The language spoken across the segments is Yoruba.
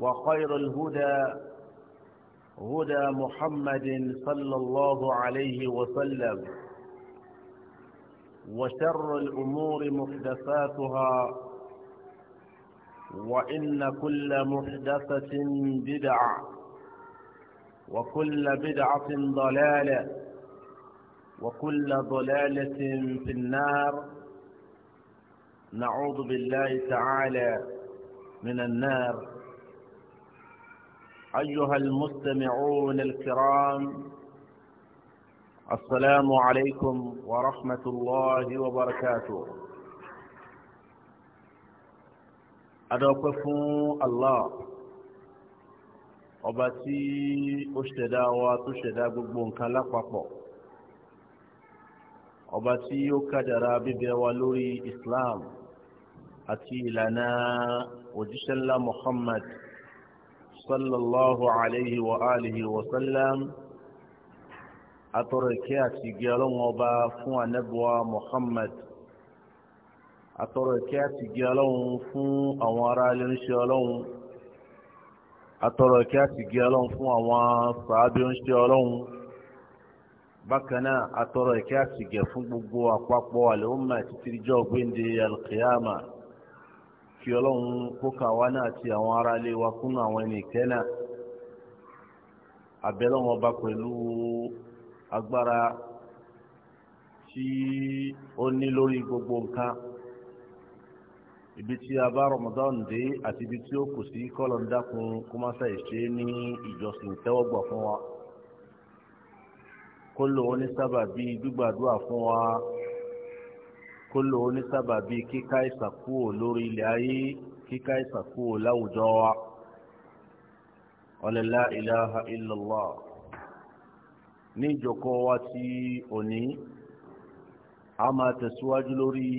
وخير الهدى هدى محمد صلى الله عليه وسلم وشر الأمور محدثاتها وإن كل محدثة بدعة وكل بدعة ضلالة وكل ضلالة في النار نعوذ بالله تعالى من النار أيها المستمعون الكرام السلام عليكم ورحمة الله وبركاته أدوكفوا الله ọba tí ó ṣẹ̀dá wa tó ṣẹ̀dá gbogbo nǹkan lápapọ̀ ọba tí ó kádàrá bíbẹ wa lórí Islam àti ìlànà òjíṣẹ́ ńlá Muhammad صلى الله عليه وآله وسلم أتركات جالون وبا فو نبوة محمد أتركات جالون فوى أمارا لنشالون أتركات جالون فوى أمارا صحابي لنشالون bákan náà atọrọ ìkẹ́ àtìgẹ̀ fún gbogbo àpapọ̀ àlẹ́ ó mà títí jọ́ gbéǹde alqiyama kí ọlọ́run kó kà wá náà àti àwọn ará ilé wa kún àwọn ẹni ìkẹ́ náà àbẹ́lọ́wọ́n ọba pẹ̀lú agbára tí ó ní lórí gbogbo nǹkan ibi tí a bá Ramadan dé àti ibi tí ó kù sí kọ́lọ̀ ń dákun kó má fẹ́ ṣe ní ìjọsìn tẹ́wọ́gbà fún wa kó lòun ní sábà bíi gbígbàdúrà fún wa kóló onísábàbí kíká ìsàkúò lórí ilẹ̀ ayé kíká ìsàkúò láwùjọ wa ọ̀lẹ́lá ilaha illallah ní ìjòkó wa ti òní a máa tẹ̀síwájú lórí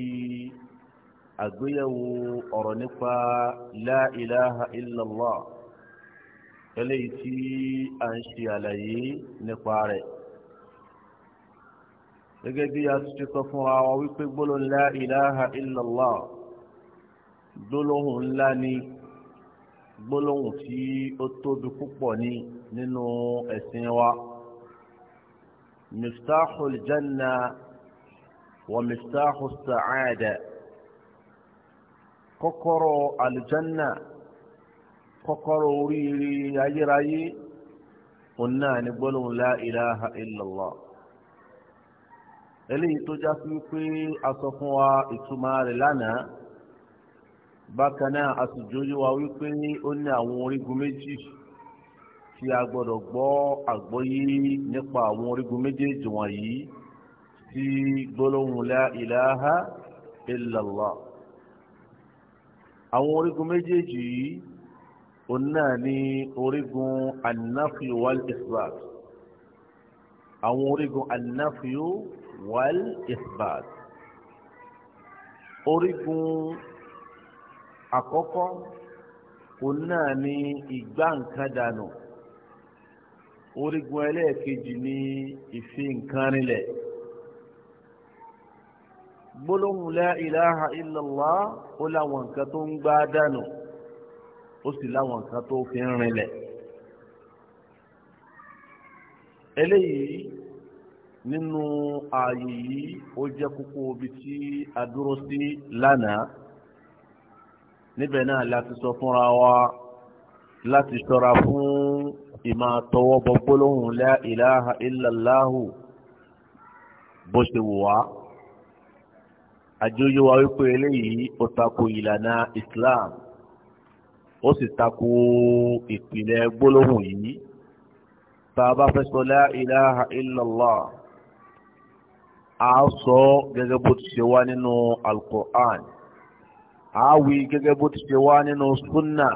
àgbéyẹ̀wò ọ̀rọ̀ nípa la ilaha illallah eléyìí tí a ń ṣe àlàyé nípa rẹ̀ gẹ́gẹ́ bí a ti sọ fúnra wa wípé gbólóhùn la ilaha illallah gbólóhùn ńlá ni gbólóhùn tí ó tóbi púpọ̀ ni nínú ẹ̀sìn wa miftahul janna wa miftahul sa'ada kọ́kọ́rọ́ aljanna kọ́kọ́rọ́ oríire ayérayé òun ni gbólóhùn la ilaha illallah eléyìí tó já sí wípé a sọ fún wa ìtumọ̀ rẹ̀ lánàá bákan náà a sì jóyè wa wípé ó ní àwọn orígun méjì tí a gbọ́dọ̀ gbọ́ àgbọ́yé nípa àwọn orígun méjèèjì wọ̀nyí sí gbólóhùn la ilaha illallah àwọn orígun méjèèjì yìí òun náà ní orígun annafi wal àwọn orígun annafi wal isbat orígun àkọ́kọ́ òun náà ni ìgbà nǹkan dànù orígun ẹlẹ́ẹ̀kejì ni ìfi nǹkan rinlẹ̀ gbólóhùn la ilaha illallah ó láwọn nǹkan tó ń gbá dànù ó sì láwọn nǹkan tó fi ń rinlẹ̀ eléyìí nínú ààyè yìí ó jẹ́ kókó ibi tí a dúró sí lánàá níbẹ̀ náà láti sọ fúnra wa láti ṣọ́ra fún ìmọ̀ tọwọ́ bọ gbólóhùn la ilaha illallahu bó ṣe wù wá àjọyọ̀ wa wípé eléyìí ó tako ìlànà Islam ó sì tako ìpìlẹ̀ gbólóhùn yìí tá a bá fẹ́ sọ la ilaha illallah a sọ gẹ́gẹ́ bó ti ṣe wá nínú alkur'an a wí gẹ́gẹ́ bó ti ṣe wá nínú sunna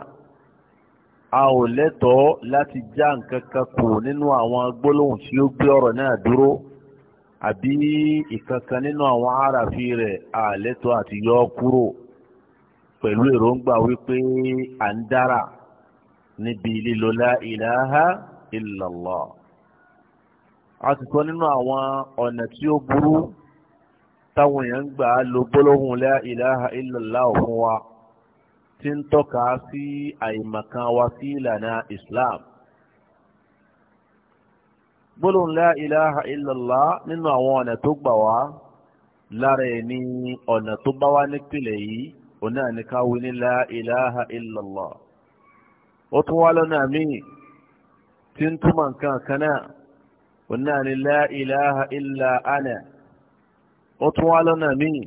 a ò lẹ́tọ̀ọ́ láti já nǹkan kan kù nínú àwọn gbólóhùn tí ó gbé ọ̀rọ̀ náà dúró àbí ìkankan nínú àwọn aráàfin rẹ̀ a lẹ́tọ̀ọ́ àti yọ ọ́ kúrò pẹ̀lú èròǹgbà wípé à ń dára níbi lílo la ilaha a ti sọ nínú àwọn ọ̀nà tí ó burú táwọn èèyàn ń gbà lo gbólóhùn la ilaha illallah fún wa tí ń tọ́ka sí àìmọ̀kan wa sí ìlànà Islam gbólóhùn la ilaha illallah nínú àwọn ọ̀nà tó gbà wá lára ẹ̀ ní ọ̀nà tó bá wá nípìnlẹ̀ yìí òun náà ní ká wí ní ilaha illallah ó tún wá lọ́nà míì tí ń túmọ̀ nǹkan kan náà òun náà ni la ilaha illa ana ó tún wá lọ́nà míì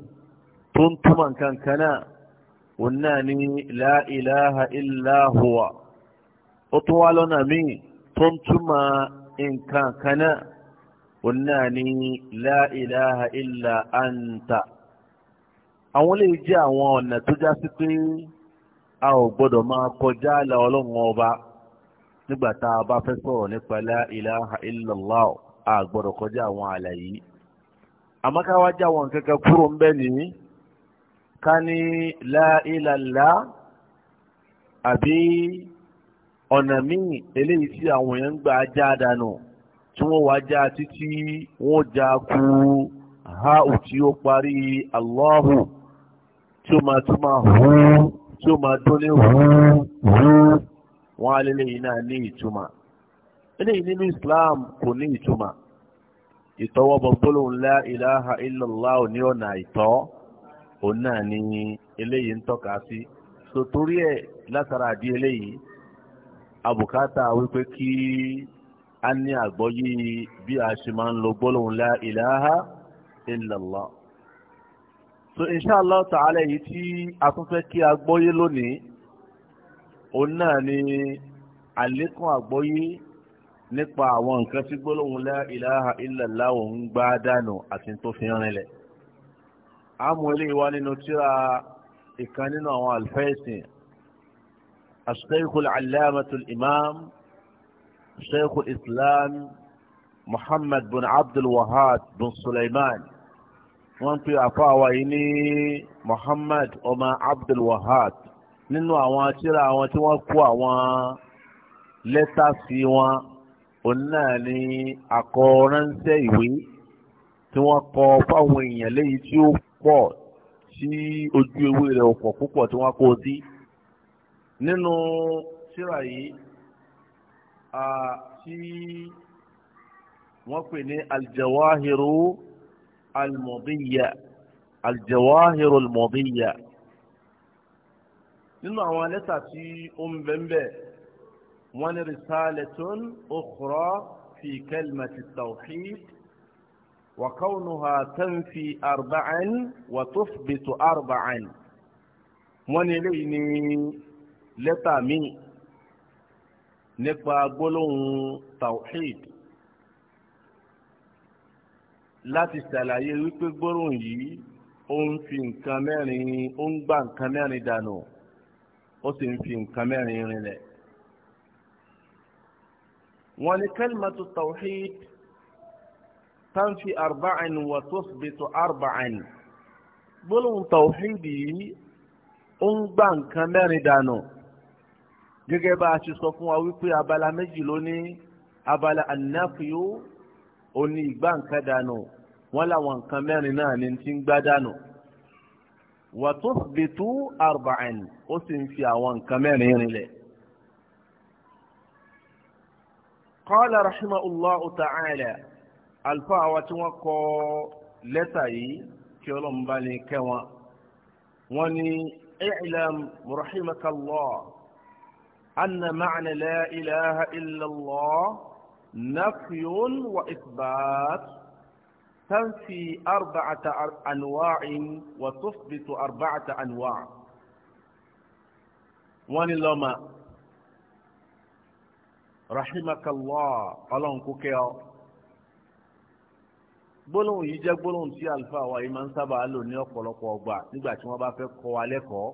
tó ń túmọ̀ nǹkan kan náà òun náà ni la ilaha illa huwa ó tún wá lọ́nà míì tó ń túmọ̀ nǹkan kan náà ni la ilaha illa anta àwọn lè jẹ́ àwọn ọ̀nà tó já sí pé a ò gbọ́dọ̀ máa kọjá àlà ọlọ́run ọba nígbà tá a bá fẹ́ sọ̀rọ̀ nípa la ilaha illallah a gbọ́dọ̀ kọjá àwọn àlàyé àmọ́ ká wá já wọn kankan kúrò ń bẹ́ nìyí ká ní la ilallah àbí ọ̀nà míì eléyìí tí àwọn èèyàn ń gbà já dànù tí wọ́n wá já títí wọ́n já kú ha ò tí ó parí Allahu tí ó máa tún máa hù tí ó máa dún ní hù hù. wọ́n á lélẹ́yìn náà ní ìtumà eléyìí nínú Islam kò ní ìtumà ìtọ́wọ́bọ gbólóhùn la ilaha illallah ní ọ̀nà ìtọ́ òun náà ní eléyìí ń tọ́ka sí sotori ẹ̀ látara àdí eléyìí abùkátà wípé kí a ní àgbọ́yé bí a ṣe máa ń lo la ilaha illallah so inshallah yìí tí a tún fẹ́ kí a òun náà ni àlékún àgbọ́yé nípa àwọn nǹkan tí gbólóhùn la ilaha illallah ń gbá dànù àti tó fi rinlẹ̀. àmú eléyìí wá nínú tíra ìkan nínú àwọn àlùfẹ́ẹ̀sìn as-shaykhul allamatul imam shaykhul islam muhammad bin abdul bin suleiman wọ́n ń pè àfáà wáyé ní muhammad ọmọ abdul nínú àwọn tírà àwọn tí wọ́n kó àwọn lẹ́tà sí wọn òun náà ni àkọránṣẹ́ ìwé tí wọ́n kọ fáwọn èèyàn léyìí tí ó pọ̀ tí ojú ewé rẹ̀ ọ̀pọ̀ púpọ̀ tí wọ́n kó sí. nínú tírà yìí tí wọ́n pè ní aljawahiru almọ̀díyà aljawahiru almọ̀díyà. Al nínú àwọn lẹ́tà tí ó ń bẹ̀ ń bẹ̀ wọ́n ní risalatun ukhra fi kalimati tawhid wa kaunuha tanfi arba'an wa tuthbitu arba'an wọ́n ní eléyìí ní lẹ́tà míì nípa gbólóhùn tawhid láti ṣàlàyé wípé gbólóhùn yìí ó ń fi nǹkan mẹ́rin ó ń gba nǹkan mẹ́rin dànù. No ó sì ń fi nǹkan mẹ́rin rinlẹ̀. wọ́n ní kalimatu tawhid tanfi arba'in wa tusbitu arba'in gbólóhùn tawhid yìí ó ń gbà nǹkan mẹ́rin dànù gẹ́gẹ́ bá a ṣe sọ fún wa wípé abala méjì ló abala annafiyu ó ní ìgbà nǹkan dànù wọ́n láwọn nǹkan mẹ́rin náà ni ti ń gbá dànù wa tuthbitu arba'an ó sì ń fi àwọn nǹkan mẹ́rin rinlẹ̀. qala rahimahullahu ta'ala àlùfáà àwa tí wọ́n kọ lẹ́tà yìí kí ọlọ́run bá ní kẹ́ wọn. wọ́n ní i'lam anna ma'na la ilaha illa Allah wa ithbat. تنفي أربعة أنواع وتثبت أربعة أنواع وان لما رحمك الله قالون كوكيو gbólóhùn yìí jẹ́ gbólóhùn tí àlùfáà wa yìí máa ń sábà lò ní ọ̀pọ̀lọpọ̀ ọgbà nígbà tí wọ́n bá fẹ́ kọ́ wa lẹ́kọ̀ọ́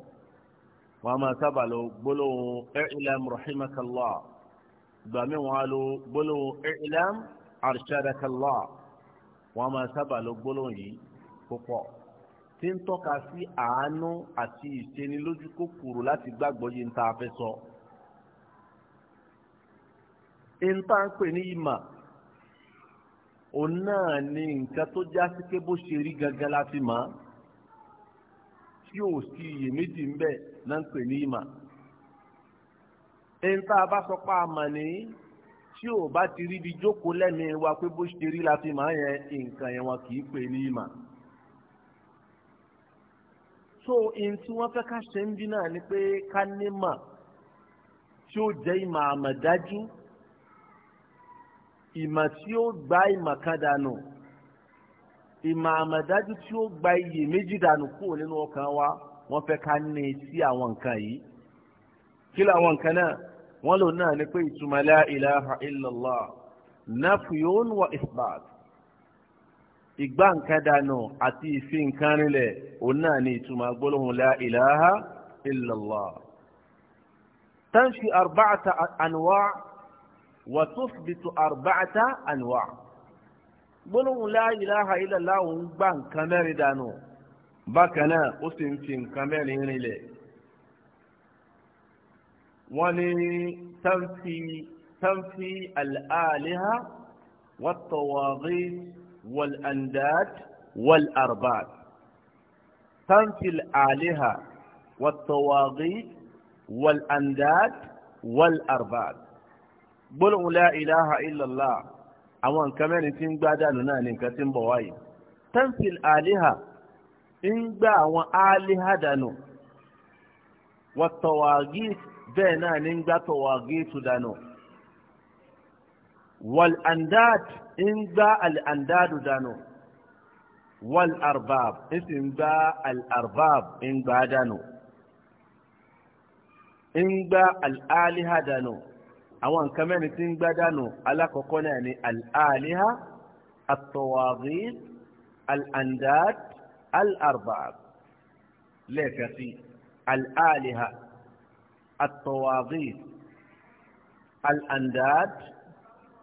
wọ́n á máa sábà lo gbólóhùn ẹ̀ẹ́lẹ́m rahimakallah ìgbà mi wọ́n á lo gbólóhùn ẹ̀ẹ́lẹ́m arshadakallah wọ́n máa sábà lo gbólóhùn yìí púpọ̀ tí ń tọ́ka sí àánú àti ìṣenilójú kòkòrò láti gbàgbọ́ yìí ń ta afẹ́ sọ. ń tá ń pè ní ìmà òun náà ni nǹkan tó já sí pé bó ṣe rí gangan la fi mọ̀ tí ò sí iyèméjì ń bẹ náà ń pè ní ìmà. ń tá a bá sọ pé àmà nìyí tí ò bá ti rí ibi jókòó lẹ́nu wa pé bó ṣe rí la fi máa yẹn nǹkan yẹn wọn kì í pè ní ìmà. so ohun tí wọ́n fẹ́ ká ṣe ń bí náà ni pé ká ní mà tí ó jẹ́ ìmà àmọ̀dájú ìmà tí ó gba ìmà kan dànù ìmà àmọ̀dájú tí ó gba iyè méjì dànù kúrò nínú ọkàn wa wọ́n fẹ́ ká ní sí àwọn nǹkan yìí kí làwọn nǹkan náà wọ́n lò náà ni pé ìtumọ̀ la ilaha illallah nafiyun wa isbat ìgbà nǹkan dànù àti ìfi nǹkan rinlẹ̀ òun náà ni ìtumọ̀ gbólóhùn la ilaha illallah. tanfi arba'ata anwa' wa tusbitu arba'ata anwa' gbólóhùn la ilaha illallah ń gbà nǹkan mẹ́rin dànù bákan náà ó sì ń fi nǹkan mẹ́rin rinlẹ̀. wọ́n ní tanfi tanfi al-aliha wat-tawaghit wal-andad wal-arbad tanfi al-aliha wat-tawaghit wal-andad wal-arbad gbólóhùn la ilaha illallah àwọn nǹkan mẹ́rin tí ń gbá dànù náà ní nǹkan tí ń bọ̀ wáyé tanfi al-aliha ń gbá àwọn aliha dànù wat-tawaghit bẹ́ẹ̀ náà ní gbàtọ̀ wà géètù dànù wal-andad ń gbá al-andadu dànù wal-arbab ń sì ń gbá al-arbab ń gbá dànù ń gbá al-aliha dànù àwọn nǹkan mẹ́rin tí ń gbá dànù alákọ̀ọ́kọ́ náà ni al-aliha al andadu danu wal arbab n si n al arbab n al-arbab nnkan ti n danu alakooko sí al-aliha. الطواغيت الأنداد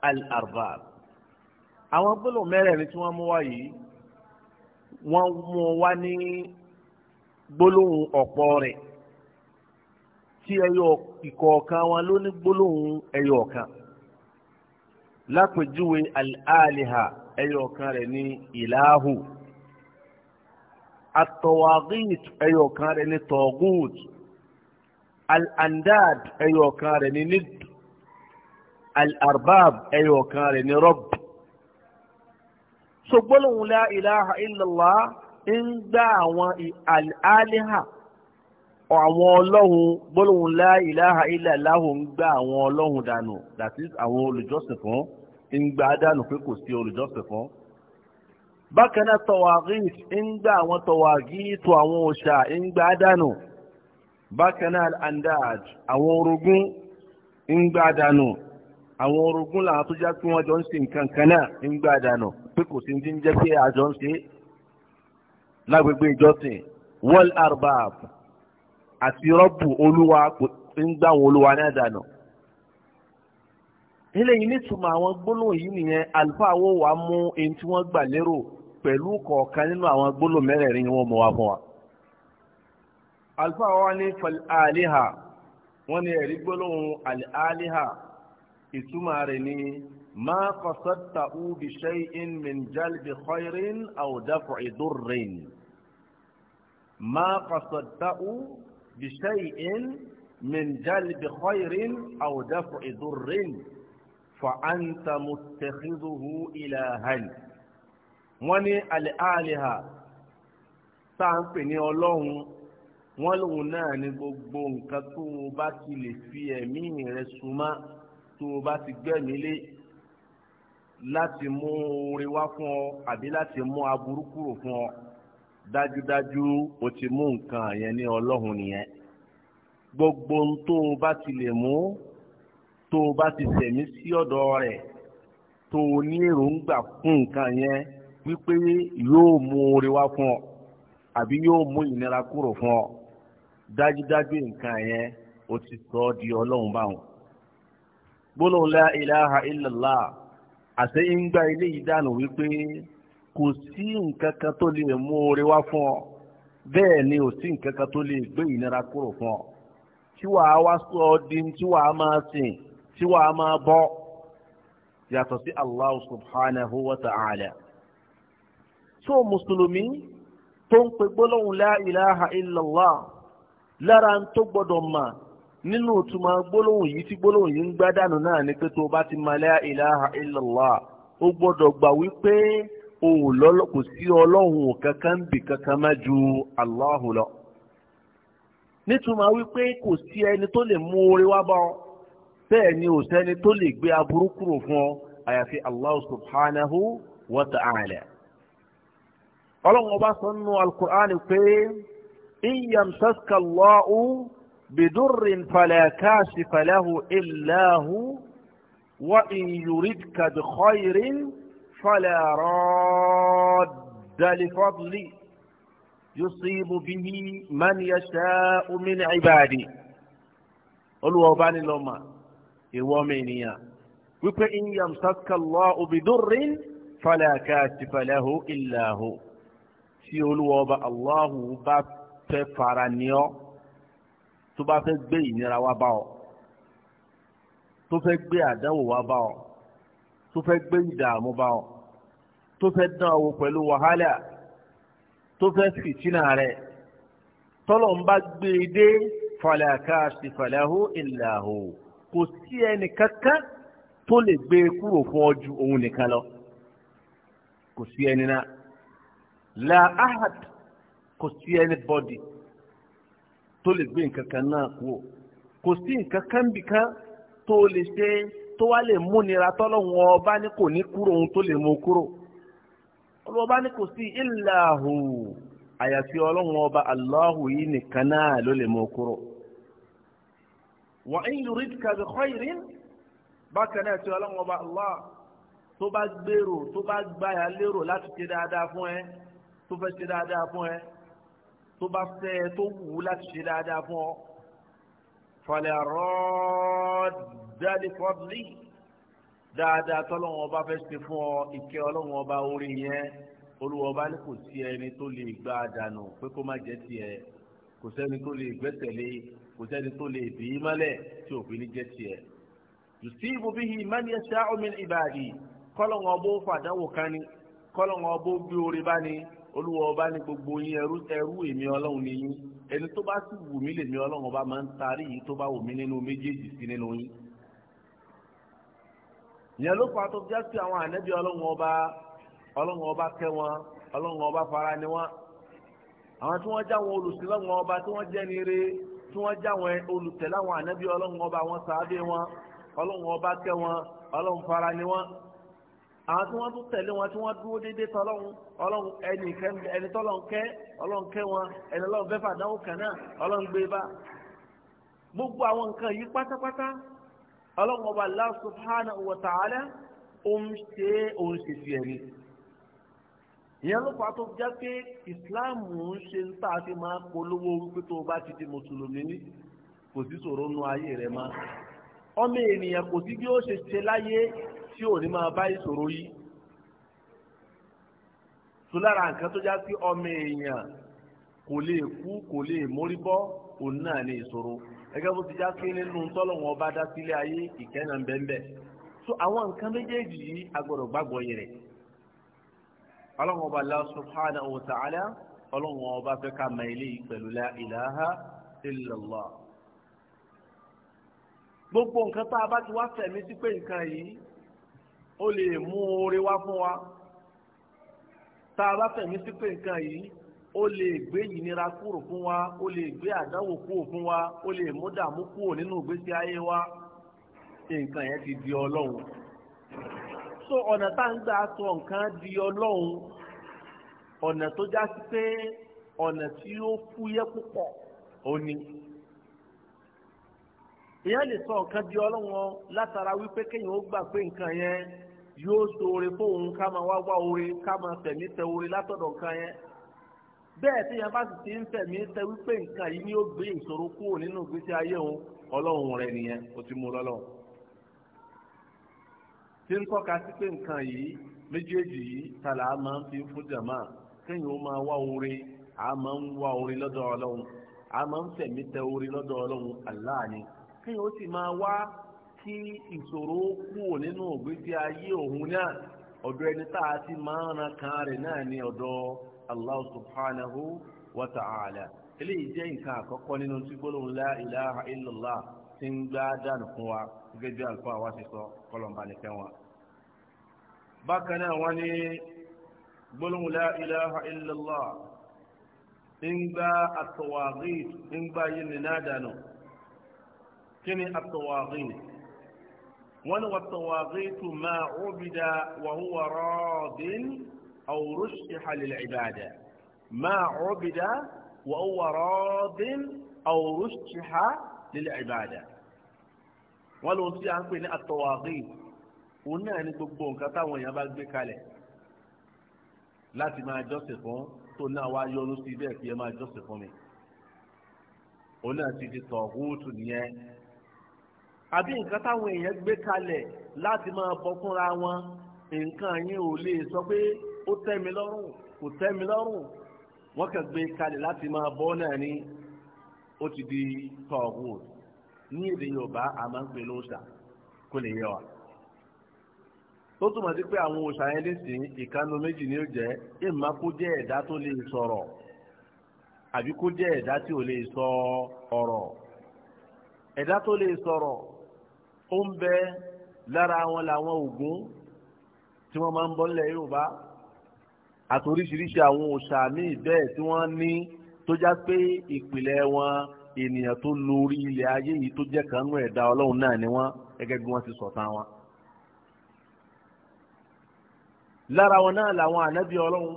الأرباب àwọn gbólóhùn mẹ́rẹ̀ẹ̀rin tí wọ́n mú wá yìí wọ́n mú wá ní gbólóhùn ọ̀pọ̀ rẹ̀ tí ẹyọ ìkọ̀ọ̀kan wọn ló ní gbólóhùn ẹyọ ọ̀kan lápèjúwe al-aliha ẹyọ ọ̀kan rẹ̀ ní ìlàhù atọ̀wàgìt ẹyọ ọ̀kan rẹ̀ ní tọ̀gùt al-andad ẹyọ kan rẹ̀ ní nid al-arbab ẹyọ kan rẹ̀ ní rob so gbólóhùn la ilaha illallah ń gbá àwọn al-aliha àwọn ọlọ́hun gbólóhùn la ilaha illallah ń gbá àwọn ọlọ́hun dànù that is àwọn olùjọ́sìn fún ń gbá dànù pé kò sí olùjọ́sìn fún bákan náà tọwàgìt ń gbá àwọn tọwàgìt àwọn òòṣà ń gbá dànù bákan náà andaj àwọn orogún ń gbá dànù àwọn orogún làwọn tó já pé wọ́n jọ ń ṣe nǹkan kan náà ń gbá dànù pé kò sí ní ń jẹ́ pé àjọ ń ṣe lágbègbè ìjọsìn wọ́l arbab àti rọ́bù olúwa ń gbá àwọn olúwa náà dànù eléyìí nítumọ̀ àwọn gbólóhùn yìí nìyẹn àlùfáà wo wàá mú ẹni tí wọ́n gbà lérò pẹ̀lú kọ̀ọ̀kan nínú àwọn gbólóhùn mẹ́rẹ̀ẹ̀rin wọn mọ̀ wá fún wa. àlùfáà wa ní fàlàlíhà wọ́n ní ẹ̀rí gbólóhùn àlàlíhà ìtumọ̀ rẹ̀ ní ma qasadtahu bi shay'in min jalbi khayrin aw daf'i durrin ma qasadtahu bi shay'in min jalbi khayrin aw daf'i durrin fa anta muttakhidhuhu ilahan wọ́n ní àlàlíhà tá à wọ́n lòun náà ní gbogbo nǹkan tó o bá ti lè fi ẹ̀mí rẹ súnmọ́ tó o bá ti gbẹ̀mí lé láti mú oore wá fún ọ àbí láti mú aburú kúrò fún ọ dájúdájú o ti mú nǹkan yẹn ní ọlọ́hun nìyẹn gbogbo ohun tó o bá ti lè mú tó o bá ti sẹ̀mí sí ọ̀dọ̀ rẹ̀ tó o ní èròǹgbà fún nǹkan yẹn wípé yóò mú oore wá fún ọ àbí yóò mú ìnira kúrò fún ọ dájúdájú nǹkan yẹn ó ti sọ ọ́ di ọlọ́run báwọn. gbólóhùn la ilaha illallah àṣẹ ìgbà ilé yìí dànù wípé kò sí nǹkan kan tó lè mú oore wá fún ọ bẹ́ẹ̀ ni ò sí nǹkan kan tó lè gbé ìnira kúrò fún ọ tí wàá wá sọ ọ di tí wàá máa sìn tí wàá máa bọ́ yàtọ̀ sí Allah subhanahu wa ta'ala. so mùsùlùmí tó ń pe gbólóhùn la ilaha illallah lára ń tó gbọ́dọ̀ mà nínú ìtumọ̀ gbólóhùn yìí tí gbólóhùn yìí ń gbá dànù náà ni pé tó o bá ti ma la ilaha illallah o gbọ́dọ̀ gbà wípé o lọ́lọ́ kò sí ọlọ́hun kankan bì kankan má ju Allahu lọ. nítumọ̀ wípé kò sí ẹni tó lè mú orí wá bọ́ bẹ́ẹ̀ ni ò sẹ́ni tó lè gbé aburú kúrò fún ọ àyàfi Allahu subhanahu wa ta'ala. ọlọ́run ọba sọ nínú alukur'an pé. إن يمسسك الله بدر فلا كاشف له إلا هو وإن يردك بخير فلا راد لفضله يصيب به من يشاء من عباده olùwà ọba ni lọ́mà ìwọ ọmọ ènìyàn wípé in yamsaka Allahu bidurrin fala kashifa lahu illa hu tí olùwà ọba Allahu bá fẹ́ fara ní ọ tó bá fẹ́ gbé ìnira wá bá ọ tó fẹ́ gbé àdánwò wá bá ọ tó fẹ́ gbé ìdààmú bá ọ tó fẹ́ dán ọ pẹ̀lú wàhálà tó fẹ́ fìtínà rẹ̀ tọ́lọ̀ ń bá gbé e dé fala kashifa lahu illa hu kò sí ẹnì kankan tó lè gbé e kúrò fún ọ ju òun nìkan lọ kò sí ẹni náà la ahad kò sí anybody tó lè gbé nǹkan kan náà kú o kò sí nǹkan kan bì kan tó lè ṣe tó wá lè múnira tọ́lọ́hún ọba ní kò ní kúrò ohun tó lè mú kúrò ọlọ́ba ní kò sí ìlàhù àyàfi ọlọ́hún ọba aláhù yìí nìkan náà ló lè mú kúrò. wọ́n ń yorí kàbí khairin bákan náà tí ọlọ́hún ọba aláhù tó bá gbèrò tó bá gbáyà lérò láti ṣe dáadáa fún ẹ tó fẹ́ ṣe dáadáa fún ẹ tó bá fẹ́ tó wù ú láti ṣe dáadáa fún ọ falẹ̀ rọ́ọ̀dálẹ̀ fọ́dúlì dáadáa tọ́lọ́wọ́n ọba fẹ́ ṣe fún ọ ìkẹ́ ọlọ́wọ́n ọba orí yẹn olúwa ọba ní kò sí ẹni tó lè gba àdànù pé kó má jẹ́ tiẹ̀ kò sẹ́ni tó lè gbẹ́sẹ̀lé kò sẹ́ni tó lè bì mọ́lẹ̀ tí òfin ní jẹ́ tiẹ̀. yusibu bihi man yasha'u min ibadi kọ́lọ́wọ́n ọba ó fàdánwò kan ni kọ́lọ́wọ́n ọba ó gbé orí bá ni olúwa ọba ní gbogbo yín ẹrú ẹrú èmi ọlọ́run ni yín ẹni tó bá sì wù mí lèmi ọlọ́run ọba máa ń tarí yìí tó bá wù mí nínú méjèèjì sí nínú yín. ìyẹn ló fa tó fi jásí àwọn ànẹ́bí ọlọ́run ọba ọlọ́run ọba kẹ́ wọn ọlọ́run ọba fara ni wọn. àwọn tí wọ́n já wọn olùsìn lọ́run ọba tí wọ́n jẹ́ nire tí wọ́n já wọn olùtẹ̀lé àwọn ànẹ́bí ọlọ́run ọba wọn sàábé wọn ọlọ́run ọba kẹ́ wọn ọlọ́run fara ni wọn àwọn tí wọ́n tún tẹ̀lé wọn tí wọ́n dúró déédéé tọ́ ọlọ́run ọlọ́run ẹnì kẹ́ ẹni tọ́lọ́run kẹ́ ọlọ́run kẹ́ wọn ẹni ọlọ́run fẹ́ fàdánwò kan náà ọlọ́run gbé bá. gbogbo àwọn nǹkan yìí pátápátá ọlọ́run ọba Allah subhanahu wa ta'ala òun ṣe òun ṣe fi ẹ̀rí. ìyẹn ló fà á tó já pé ìsìláàmù ń ṣe ń tà fi máa polówó wípé tó o bá ti di mùsùlùmí kò sí ṣòro ayé rẹ̀ mọ́ ọmọ tí ò ní máa bá ìṣòro yìí tó lára nǹkan tó já sí ọmọ èèyàn kò lè kú kò lè mórí bọ́ òun náà ní ìṣòro gẹ́gẹ́ já sí nínú ọba dá sílé ayé ìkẹ́nà àwọn nǹkan méjèèjì yìí gbàgbọ́ rẹ̀ ọlọ́run ọba wa ta'ala ọlọ́run ọba fẹ́ ká ilé yìí pẹ̀lú la ilaha illallah gbogbo nǹkan tá a bá ti wá fẹ̀mí ó lè mú oore wá fún wa tá a bá fẹ̀mí sí pé nǹkan yìí ó lè gbé ìnira kúrò fún wa ó lè gbé àdánwò kúrò fún wa ó lè mú dààmú kúrò nínú ìgbésí ayé wa nǹkan yẹn ti di ọlọ́run so ọ̀nà tá ń gbà sọ nǹkan di ọlọ́run ọ̀nà tó já sí pé ọ̀nà tí ó fúyẹ́ púpọ̀ òní èèyàn lè sọ nǹkan di ọlọ́run látara wípé kéèyàn ó gbà pé nǹkan yẹn yóò ṣoore fóun ká máa wá wá oore kama máa tẹ̀mí tẹ oore látọ̀dọ̀ nǹkan yẹn bẹ́ẹ̀ tí yẹn bá sì ti ń tẹ̀mí tẹ wípé nǹkan yìí ni ó gbé ìṣòro kúrò nínú ìgbésí ayé òun ọlọ́run rẹ̀ nìyẹn o ti mú lọ́lọ́. tí ń tọ́ka sí pé nǹkan yìí méjèèjì yìí tàlà á máa ń fi fún jàmá kéèyàn ó máa wá oore á máa ń wá oore lọ́dọ̀ ọlọ́run á máa ń tẹ̀mí tẹ oore lọ́dọ̀ ọlọ́run Allah ni kéèyàn ó sì máa wá kí ìṣòro kúrò nínú ògbésí ayé òun náà ọ̀dọ̀ ẹni tá a ti máa ń ran kan rẹ̀ náà ní ọ̀dọ̀ Allah subhanahu wa ta'ala eléyìí jẹ́ nǹkan àkọ́kọ́ nínú tí gbólóhùn la ilaha illallah ti ń gbá dànù fún wa gẹ́gẹ́ bí àlùfáà wa ṣe sọ kọlọ̀mbà nìkẹ́ wọn. bákan náà wọ́n ní gbólóhùn la ilaha ti ń gbá àtọ̀wàgì ń gbá yìí nínú àdánù kí ni àtọ̀wàgì nìyí wọ́n ní wàtàwàgétu máa óbìdá wàhúwà rọ́ọ̀dín àwòrúṣì halil ìbàdà máa óbìdá wàhúwà rọ́ọ̀dín àwòrúṣì halil ìbàdà. wọ́n lóun tí a ń pè ní àtàwàgétu òun náà ní gbogbo nǹkan táwọn èèyàn bá gbé kalẹ̀ láti máa jọ́sìn fún tó náà wá yọnu sí bẹ́ẹ̀ fi ẹ máa jọ́sìn fún mi. òun náà ti di tọ̀húùtù nìyẹn àbí nǹkan táwọn èèyàn gbé kalẹ̀ láti máa bọkúnra wọn nǹkan yẹn ò lè sọ pé ó tẹ́ mi lọ́rùn kò tẹ́ mi lọ́rùn wọ́n kàn gbé kalẹ̀ láti máa bọ́ náà ni ó ti di tọ̀hún ní èdè Yorùbá a máa ń pè lóòṣà kó lè yẹ wa tó túmọ̀ sí pé àwọn òòṣà yẹn nísìnyí ìkànnì méjì ni ó jẹ́ ìmá kó jẹ́ ẹ̀dá tó lè sọ̀rọ̀ àbí kó jẹ́ ẹ̀dá tí ò lè sọ ọ̀rọ̀ ẹ̀dá tó lè sọ̀rọ̀ ó ń bẹ lára wọn làwọn ògún tí wọ́n máa ń bọ nílẹ̀ Yorùbá àti oríṣiríṣi àwọn òòṣà míì bẹ́ẹ̀ tí wọ́n ní tó já pé ìpìlẹ̀ wọn ènìyàn tó lórí ilẹ̀ ayé yìí tó jẹ́ kanú ẹ̀dá Ọlọ́run náà ni wọ́n gẹ́gẹ́ bí wọ́n ti sọ̀tàn wọn. lára wọn náà làwọn ànábì Ọlọ́run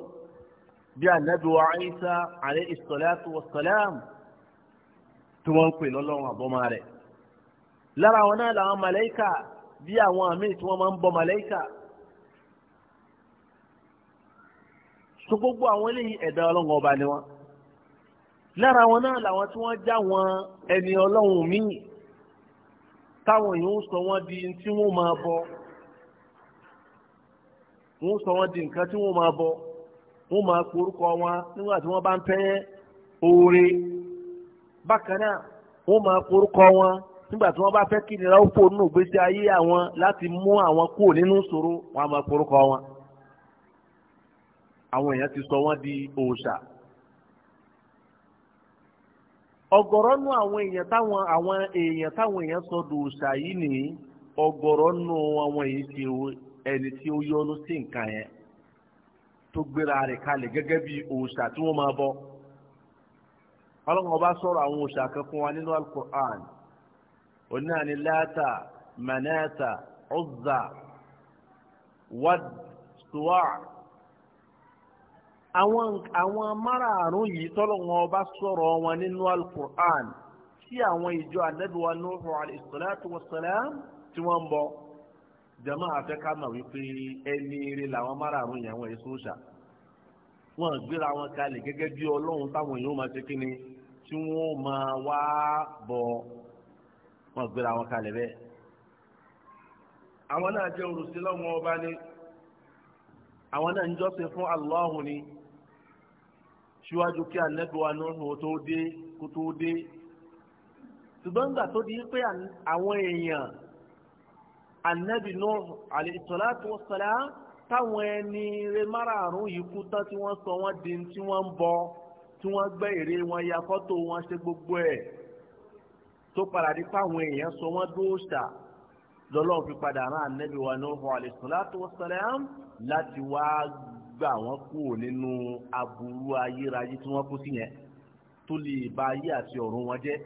bí ànábì wa Isa alayhi salatu wassalam tí wọ́n ń pè lọ́lọ́run àbọ́mọ rẹ̀ lára wọn náà làwọn màláíkà bí àwọn àmì tí wọ́n máa ń bọ màláíkà so gbogbo àwọn eléyìí ẹ̀dá ọlọ́run ọba ni wọn lára wọn náà làwọn tí wọ́n já wọn ẹni ọlọ́run míì táwọn èèyàn ń sọ wọ́n di tí wọ́n máa bọ wọ́n sọ wọ́n di nǹkan tí wọ́n máa bọ wọ́n máa pe wọn nígbà tí wọ́n bá ń fẹ́ oore bákan náà wọ́n máa pe wọn. nígbà wọn wọ́n bá fẹ́ kí nira ó kó nínú ìgbésí ayé àwọn láti mú àwọn kúrò nínú ìṣòro wọn a máa porúkọ wọn. àwọn èèyàn ti sọ wọn di òòṣà. ọgọrọ nu àwọn èèyàn táwọn àwọn èèyàn táwọn èèyàn sọ di òòṣà yìí nìyí ọ̀gọ̀rọ̀ nù àwọn èyí ti ẹni tí ó yọ́nú sí nǹkan yẹn tó gbéra rẹ̀ kalẹ̀ gẹ́gẹ́ bí òòṣà tí wọ́n máa bọ. ọlọ́run ọba sọ̀rọ̀ àwọn òòṣà kan fún wa nínú alukur'an. onáà ni láàtà manáàtà ọ̀zà wad suwa àwọn àwọn márààrún yìí tọ́lọ́wọ́n ọba sọ̀rọ̀ wọn nínú alukur'an tí àwọn ìjọ anabiwa nuhu alayhi salatu wa salam tí wọ́n ń bọ̀ jama afẹ́ká mà wípé ẹni eré làwọn márààrún yẹn àwọn èso wọn gbéra wọn kalẹ̀ gẹ́gẹ́ bí ọlọ́run táwọn èèyàn máa ṣe kí tí wọ́n máa wá bọ̀ wọ́n gbéra wọn kalẹ̀ bẹ́ẹ̀. àwọn náà jẹ́ olùsílọ́wọ́n ọba ni àwọn náà ń jọ́sìn fún Allahu ni síwájú kí Ànábì wa Nuhu tó dé kó tó dé ṣùgbọ́n nígbà tó di pé àwọn èèyàn Ànábì Nuhu alayhi salatu wassalam táwọn ẹni rẹ márààrún yìí kú tán tí wọ́n sọ wọ́n di tí wọ́n ń bọ tí wọ́n gbẹ́ ère wọn ya fọ́tò wọn ṣe gbogbo ẹ̀ tó padà di fáwọn èèyàn sọ wọ́n dóòṣà lọ́lọ́run fi padà rán ànábì wa Nuhu alayhi salatu wassalam láti wá gbà wọ́n kúrò nínú aburú ayérayé tí wọ́n kú sí yẹn tó lè ba ayé àti ọ̀run wọn jẹ́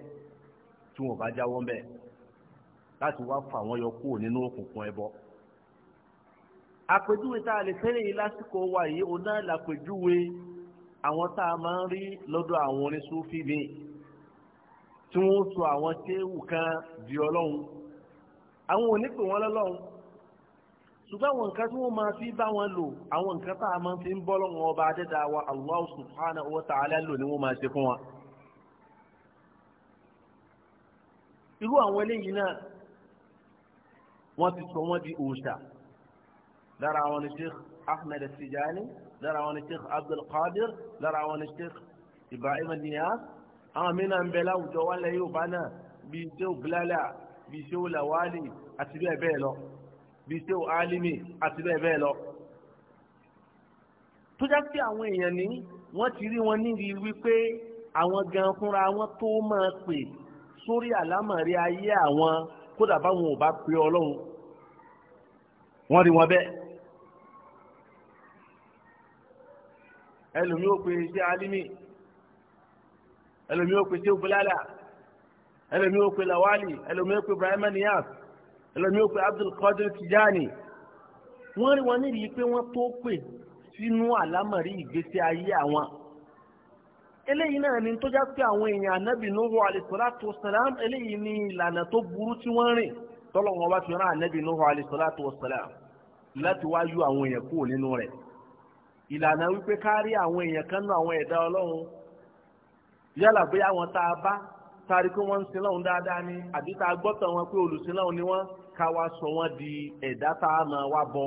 tí wọ́n bá jáwọ́ mbẹ́ láti wá fà wọ́n yọ kúrò nínú òkùnkùn ẹbọ. àpèjúwe tá a lè fẹ́rẹ̀ yìí lásìkò wa yìí ọ̀nà làpèjúwe àwọn tá a máa ń rí lọ́dọ̀ àwọn oníṣòfin mi tí wọ́n sọ àwọn téèwù kan di ọlọ́run àwọn onípè wọn lọ́lọ́run ṣùgbọ́n àwọn nǹkan tí wọ́n máa fi bá wọn lò àwọn nǹkan tá a máa fi ń bọ́ lọ́wọ́ ọba adẹ́dá wa Allah subhanahu wa ta'ala lò ni wọ́n máa ṣe fún wa. irú àwọn eléyìí náà wọ́n ti sọ wọ́n di òòṣà lára àwọn ni Sheikh Ahmed Tijani lára àwọn ni Sheikh Abdul lára àwọn ni Sheikh Ibrahim Niyas àwọn mìíràn ń bẹ láwùjọ wálẹ̀ Yorùbá náà bíi seo bilala bíi seo lawali àti bẹ́ẹ̀ bẹ́ẹ̀ lọ bíi seo alimi àti bẹ́ẹ̀ bẹ́ẹ̀ lọ. tó já sí àwọn èèyàn ní wọ́n ti rí wọn níbi wípé àwọn gan fúnra wọn tó máa pè sórí àlámọ̀rí ayé àwọn kódà báwọn ò bá pe Ọlọ́run wọ́n rí wọn bẹ́ẹ̀. ẹlòmíì ó iṣẹ́ alimi ẹlòmí ó pe tí ó bulala ẹlòmí ó pe lawali ẹlòmí ó pe Ibrahim Niyas ẹlòmí ó pe Abdul Qadir Tijani wọ́n rí wọn nídìí pé wọ́n tó pè sínú àlámọ̀rí ìgbésí ayé àwọn eléyìí náà ni tó já pé àwọn èèyàn anábì Nuhu alayhisalatu wasalam eléyìí ni ìlànà tó burú tí wọ́n rìn tọ́lọ́wọ́n bá fi rán anábì Nuhu alayhisalatu wasalam láti wá yú àwọn èèyàn kúrò nínú rẹ̀ ìlànà wípé kárí àwọn èèyàn kan àwọn ẹ̀dá ọlọ́run yálà bóyá wọn tá a bá tari pé wọ́n ń sin lọ́hùn dáadáa ni àbí tá a gbọ́tọ̀ wọn pé olùsìn lọ́hùn ni wọ́n ká wa sọ wọ́n di ẹ̀dá tá a máa wá bọ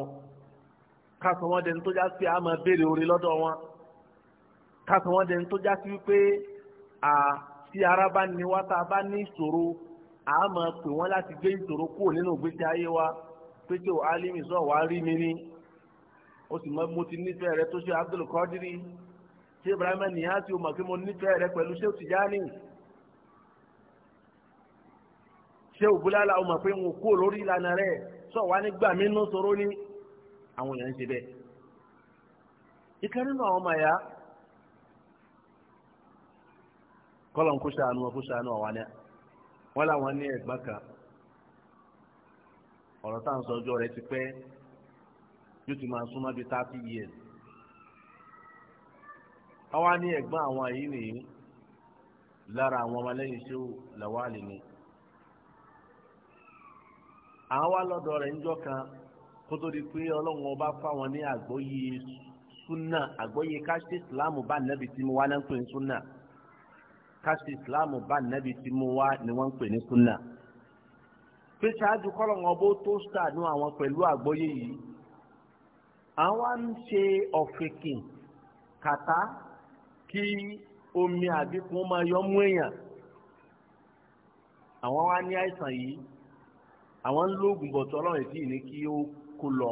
ká sọ wọ́n dẹni tó já sí a máa béèrè orí lọ́dọ̀ wọn ká sọ wọ́n dẹni tó já sí wípé à tí ara bá ní wá tá a bá ní ìṣòro a máa pè wọ́n láti gbé ìṣòro kúrò nínú ìgbésí ayé wa pé tí o alimi sọ wàá rí mi ni o sì mọ mo ti nífẹ̀ẹ́ rẹ tó ṣe Abdul Kadiri ṣé ibrahim nìyá tí o mọ̀ pé mo nífẹ̀ẹ́ rẹ pẹ̀lú ṣé o ti já ní ṣé o búláàlà o mọ̀ pé n kó lórí ìlànà rẹ sọ wá nígbà mí nú sọ̀rọ̀ ní àwọn èèyàn ń ṣe bẹ́ẹ̀. ìkan nínú àwọn ọmọ ẹ̀yà kọ́lọ̀ ń kó ṣàánú wọn kó ṣàánú àwọn àná wọn ní ẹ̀gbọ́n kan ọ̀rọ̀ táwọn sọ ọjọ́ rẹ ti pẹ́ yóò ti máa súnmọ́ bíi thirty years àwa ní ẹ̀gbọ́n àwọn yìí nìyí lára àwọn ọmọlẹ́yìn ṣéwù làwálì ni àwọn wá lọ́dọ̀ rẹ̀ níjọ́ kan kó tó di pé ọlọ́run ọba fáwọn ní àgbọ́yé súnà àgbọ́yé káṣí ìsìláàmù bá nẹ́bi tí mo wá náà ń pè ní súnà káṣí ìsìláàmù bá nẹ́bi tí mo wá ni wọ́n ń pè ní súnà pé ṣáájú kọ́lọ́run ọba tó ṣàánú àwọn pẹ̀lú àgbọ́yé yìí àwọn ń ṣe ọ̀fìnkìn kàtá kí omi àbíkú máa yọ mú èèyàn àwọn wá ní àìsàn yìí àwọn ń lóògùn bọ̀tọ̀ ọlọ́run tí ní kí ó kó lọ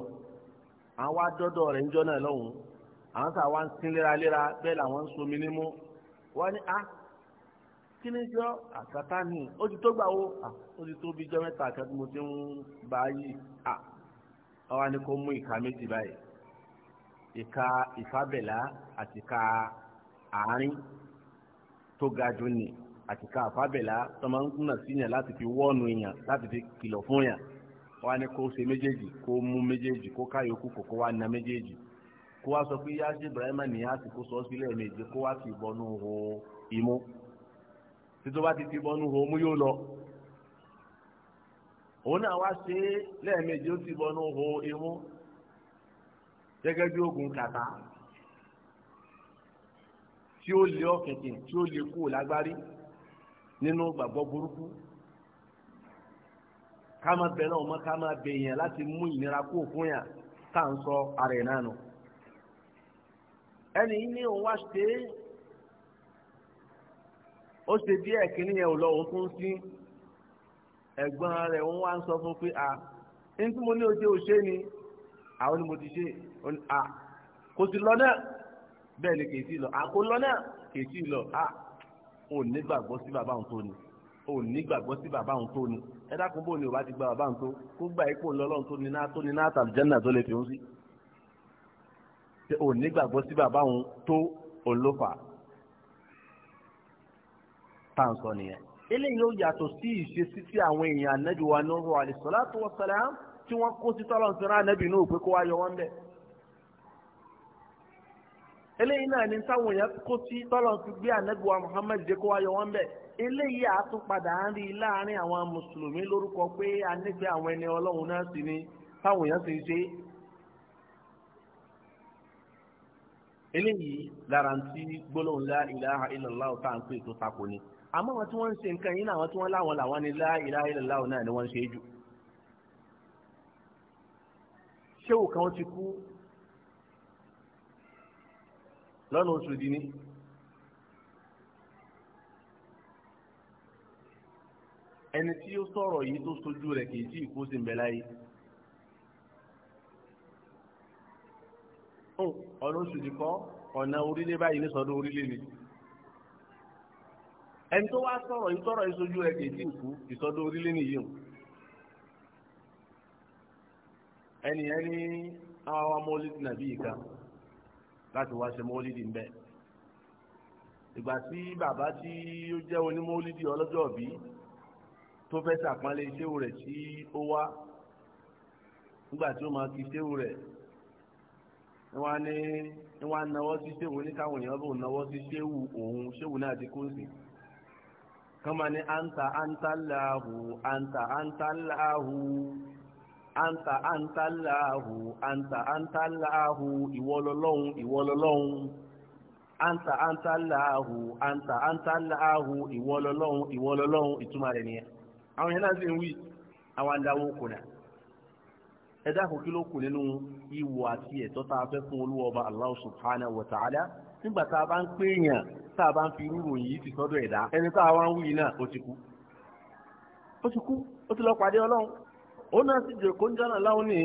àwọn wá dọ́dọ̀ rẹ̀ níjọ́ náà lọ́hùn àwọn sà wá ń sin léraléra bẹ́ẹ̀ làwọn ń somi nímú wọ́n ní a kí ni jọ àkàtà ni ó ti tó gbà wo ó ti tó bí jọ mẹ́ta àkàtà mo ti ń bá yìí a wọ́n wá ní mú ìka méjì báyìí ìka ìfábẹ̀lá àti ìka àárín tó ga jù ní àtìká àfábẹ̀lá tó máa ń kúnà sí yàn láti fi wọ́ọ̀nù èèyàn láti fi kìlọ̀ fún yàn wọ́n á ní kó ṣe méjèèjì kó mú méjèèjì kó ká yòókù kó kó wá na méjèèjì kó wá sọ pé yáṣẹ ibrahima ní àsìkò sọ sílẹ̀ méje kó wá fi bọnú ho imú títí bá ti fi bọnú ho mú yóò lọ òun náà wá ṣe lẹ́ẹ̀mejì ó ti bọnú ho imú gẹ́gẹ́ bí oògùn kàtá tí ó lé ọ̀kẹ̀kẹ̀ tí ó lé kúrò lágbárí nínú gbàgbọ́ burúkú ká má bẹ náà mọ́ ká má bẹ yẹn láti mú ìnira kúrò fún yàn tá à ń sọ ara ẹ̀ náà nù. ẹni ní òun wá ṣe é ó ṣe díẹ̀ kínní yẹn ò lọ òun tún sí ẹ̀gbọ́n rẹ̀ òun wá ń sọ fún pé a ní tí mo ní oṣù òṣè ni àwọn ni mo ti ṣe à kò sì lọ náà bẹ́ẹ̀ ni kèsì lọ àkólọ náà kèsì lọ a ò ní gbàgbọ́ sí bàbá òun tó ni ò ní gbàgbọ́ sí bàbá òun tó ni ẹ dákun bò ní o bá ti gba bàbá òun tó kó gba ipò ńlọlọ́run tó ni náà tó ni náà tàbí jẹ́nà tó lè fi ń sí ò ní gbàgbọ́ sí bàbá òun tó òun tá à ń sọ nìyẹn eléyìí ó yàtọ̀ sí ìṣesí tí àwọn èèyàn anábìwá Nuhu alayhi salatu wa salam tí wọ́n kó sí tọ́lọ́ eléyìí náà ní táwọn èèyàn kó sí tọ́lọ̀ fi gbé ànẹ́gbẹ̀wá Muhammad jẹ́ kó wá yọ wọ́n bẹ̀ eléyìí àtúpadà ń rí láàrin àwọn mùsùlùmí lórúkọ pé anífẹ́ àwọn ẹni ọlọ́run náà sì ni táwọn èèyàn sì ṣe eléyìí lára ń tí gbólóhùn la ilaha illallah tá à ń pè tó takò ni àmọ́ àwọn tí wọ́n ń ṣe nǹkan yìí náà àwọn tí wọ́n láwọn làwọn ni la lọ́nà oṣù dì ní. ẹni tí ó sọ̀rọ̀ yìí tó sojú rẹ̀ kì í tí ì kó sí mbẹ́ láyé. ó ọ̀nà oṣù dì kọ́ ọ̀nà orílẹ̀ báyìí ní sọ́dún orílẹ̀ ni. ẹni tó wá sọ̀rọ̀ yìí sọ̀rọ̀ yìí sojú rẹ̀ kì í tí ì kú ìsọdún orílẹ̀ nìyí o. ẹnìyẹn ní àwọn ọmọ olùdí nàbí yìí kan láti wá ṣe mọ́lídì ń bẹ̀. ìgbà tí bàbá tí ó jẹ́ onímọ́lídì ọlọ́jọ́ bí tó fẹ́ sàpọ́nlé iṣẹ́wò rẹ̀ tí ó wá nígbà tí ó máa kí iṣẹ́wò rẹ̀ wọ́n ní wọ́n á náwó sí iṣẹ́wò ní káwọn èèyàn bò náwó sí iṣẹ́wò òun iṣẹ́wò náà ti kó sí kọ́mọ ní anta anta láhù anta anta láhù. anta anta láàhù anta anta láàhù ìwọlọlọ́hun ìwọlọlọ́hun anta anta láàhù anta anta láàhù ìwọlọlọ́hun ìwọlọlọ́hun ìtumọ̀ rẹ̀ nìyẹn àwọn yẹn náà sì ń wí àwọn adáwó kùnà ẹ dákun kí ló kù nínú ìwọ àti ẹ̀tọ́ tá a fẹ́ fún olúwa ọba Allah subhanahu wa ta'ala nígbà tá a bá ń pèèyàn tá a bá ń fi rúrò yìí ti sọ́dọ̀ ẹ̀dá ẹni tá a wá ń wí náà ó ti ó náà sì jẹ́ kóńjánà láwọn ní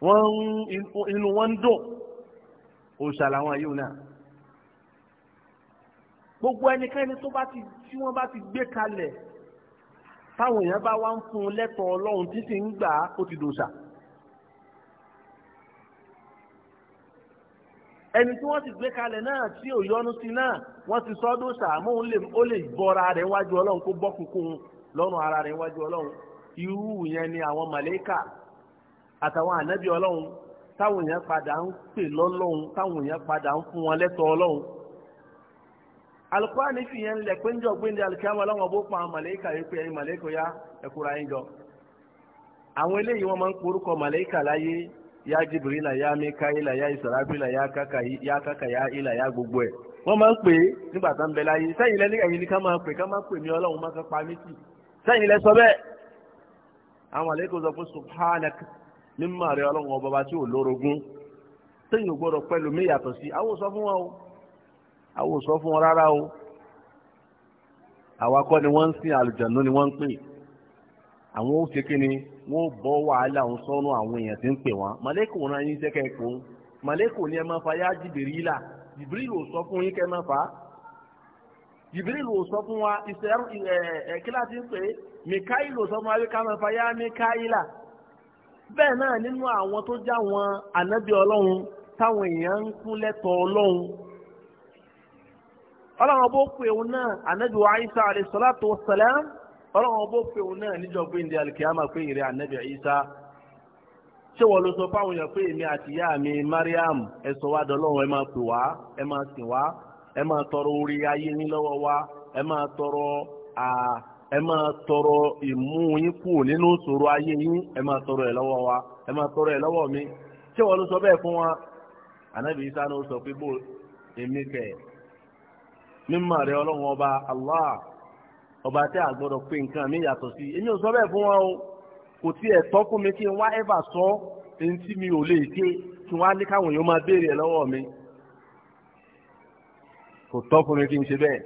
wọ́n inú wọn ń dùn òòṣà làwọn yìí náà gbogbo ẹnikẹ́ni tó bá ti tí wọ́n bá ti gbé kalẹ̀ táwọn èèyàn bá wá ń fún un lẹ́tọ̀ọ́ ọlọ́run títí ń gbà ó ti dòṣà. ẹni tí wọ́n ti gbé kalẹ̀ náà tí ò yọnu sí náà wọ́n ti sọ dòṣà àmọ́ ó lè bọ́ra rẹ̀ wájú ọlọ́run kó bọ́kùnkùn lọ́rùn ara rẹ̀ wájú ọlọ́run. iwu yẹn ni àwọn màlẹ́kà àtàwọn ànábì ọlọ́run táwọn èèyàn padà ń pè lọ́lọ́run táwọn èèyàn padà ń fún wọn lẹ́tọ̀ọ́ ọlọ́run alukóhánì fi yẹn lẹ̀ pé ń jọ gbé ní alikiyama ọlọ́run pa àwọn màlẹ́kà pé màlẹ́kà yá jọ àwọn eléyìí wọn máa ń porúkọ màlẹ́kà láyé yá jibirila yá mikaela yá yá kaka yá ilà yá gbogbo máa ń pè é nígbà tá ń bẹ láyé ni ká máa pè ká máa pè mí àwọn àlékún sọ pé subhanak mímọ́ rẹ ọlọ́run ọba bá tí ò lórogún téèyàn gbọ́dọ̀ pẹ̀lú mi yàtọ̀ sí àwọn sọ fún wọn o àwọn sọ fún wọn o ni wọ́n ń sin ni wọ́n ń pè àwọn ó ṣe kíni wọ́n bọ wàhálà ala sọ́nù àwọn èèyàn tí ń pè wọ́n yín ni ẹ máa fa sọ fún yín máa jibril wò sọ fún wa ìsẹ̀rù ẹ̀ kíláàsì ń pè é mikael wò sọ fún wa bí ká máa fa yá mikaela bẹ́ẹ̀ náà nínú àwọn tó já wọn ànábì ọlọ́run táwọn èèyàn ń kún lẹ́tọ̀ọ́ ọlọ́run ọlọ́run bó pè òun náà ànábì wa isa alayhi salatu wa salam ọlọ́run bó pè òun náà níjọ́ pé ndé alikiyama pé ìrẹ́ ànábì isa ṣé wọ́n ló sọ fáwọn èèyàn pé èmi àti ìyá mi mariam ẹ̀ sọ wá dọ́lọ́run ẹ máa pè wá ẹ máa sìn wá ẹ máa tọrọ orí ayé yín lọ́wọ́ wa ẹ máa tọrọ ẹ máa tọrọ ìmú yín kù nínú ìṣòro ayé yín ẹ máa tọrọ ẹ lọ́wọ́ wa ẹ máa tọrọ ẹ lọ́wọ́ mi ṣé wọn ló sọ bẹ́ẹ̀ fún wa anabi isa ló sọ pé bó èmi kẹ mímọ̀ rẹ ọba allah ọba tí a pé nǹkan mi yàtọ̀ sí èmi ò sọ bẹ́ẹ̀ fún wa o kò tiẹ̀ tọ́ fún mi kí n wá sọ ẹni tí mi ò lè ṣe kí n wá ní káwọn èèyàn máa béèrè ẹ lọ́wọ́ mi kò tọ́ fún mi kí n ṣe bẹ́ẹ̀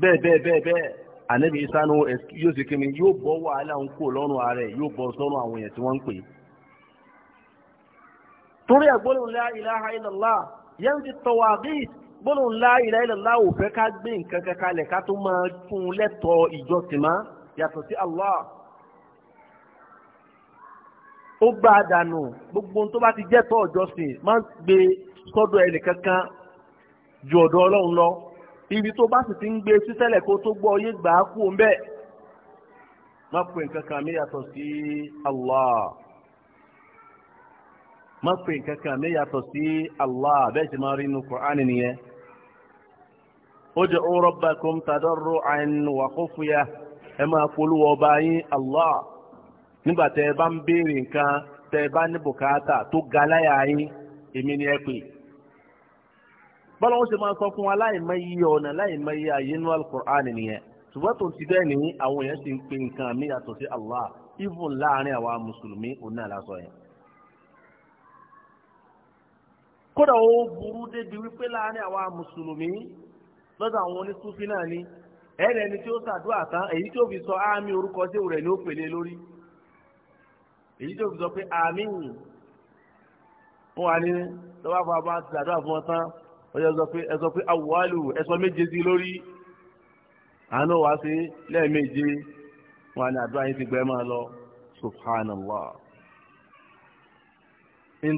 bẹ́ẹ̀ bẹ́ẹ̀ bẹ́ẹ̀ bẹ́ẹ̀ ànábì isanu yóò ṣe kí mi yóò bọ́ wàhálà ń kó lọ́rùn ààrẹ yóò bọ́ sọ́rùn àwọn èèyàn tí wọ́n ń pè. torí ẹ̀ gbólóhùn la ilaha illallah yẹn ti tọwọ́ àbí gbólóhùn la ilaha illallah ò fẹ́ ká gbé nǹkan kankan lẹ̀ ká tó máa fún un lẹ́tọ̀ọ́ ìjọsìn mọ́ yàtọ̀ sí Allah ó gbá dànù gbogbo ohun tó bá ti jẹ́ tọ́ ọ̀jọ́sìn máa ń gbé sọ́dọ̀ ẹnìkankan ju ọ̀dọ̀ ọlọ́run lọ ibi tó bá sì ti ń gbé sítẹ́lẹ̀ kó tó gbọ́ yé gbà á kú ń bẹ́ẹ̀ má mi Allah má pè ma mi yàtọ̀ sí Allah bẹ́ẹ̀ sì máa rí inú Qur'an nìyẹn. ادعوا ربكم تضرعا وخفية اما قلوا وباين الله nígbà tẹ́ bá ń béèrè nǹkan bá ní bùkátà tó ga láyà yín èmi ni bọ́lá wọn ṣe máa sọ fún wa láìmọ iye ọ̀nà láìmọ iye àyè nínú alukur'an nìyẹn ṣùgbọ́n tó ti bẹ́ẹ̀ ni àwọn èèyàn ti ń pe nǹkan mi yàtọ̀ sí Allah even láàrin àwa mùsùlùmí òun náà lásán yẹn. kódà ó burú débi wípé láàrin àwa mùsùlùmí lọ́dọ̀ àwọn onísúfí náà ni ẹ̀rẹ̀ ẹni tí ó ṣàdúrà tán èyí tí ó fi sọ àmì orúkọ sí rẹ̀ ni ó pèlè lórí èyí tí ó fi sọ pé àmì wọn wà ní lọ́wọ́ àbọ̀ àbọ̀ àti ṣàdúrà fún ọ ọjọ́ sọ pé ẹ sọ pé awùwálù ẹ sọ méje sí lórí àánú wá sí lẹ́ẹ̀méje wọn ni àdúrà yín ti gbẹ máa lọ subhanallah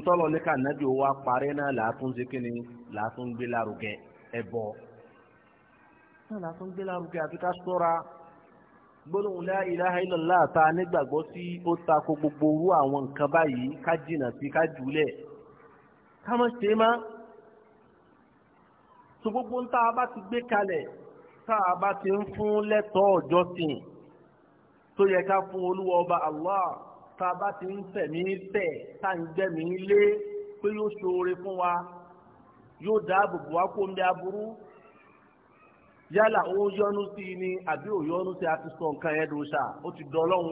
ntọ́lọ̀ ní ká nàbí owó aparẹ́ náà làátún ṣe kí ni làátún gbé lárugẹ ẹbọ náà làátún gbé lárugẹ àfi ká sọ́ra gbólóhùn la ilaha illallah ta nígbàgbọ́ sí ó tako gbogbo owó àwọn nǹkan báyìí ká jìnnà sí ká jùlẹ̀ ká má ṣe máa so gbogbo tá a bá ti gbé kalẹ̀ tá a bá ti ń fún lẹ́tọ̀ọ́ ọ̀jọ́sìn tó yẹ ká fún olúwa ọba Allah tá a bá ti ń fẹ̀mí tẹ̀ tá à ń gbẹ̀mí lé pé yóò ṣoore fún wa yóò dáàbò bò wá kó ń bẹ aburú yálà ó yọnu sí i ni àbí ò yọnu sí i àti sọ nǹkan yẹn dùn ṣá ó ti dán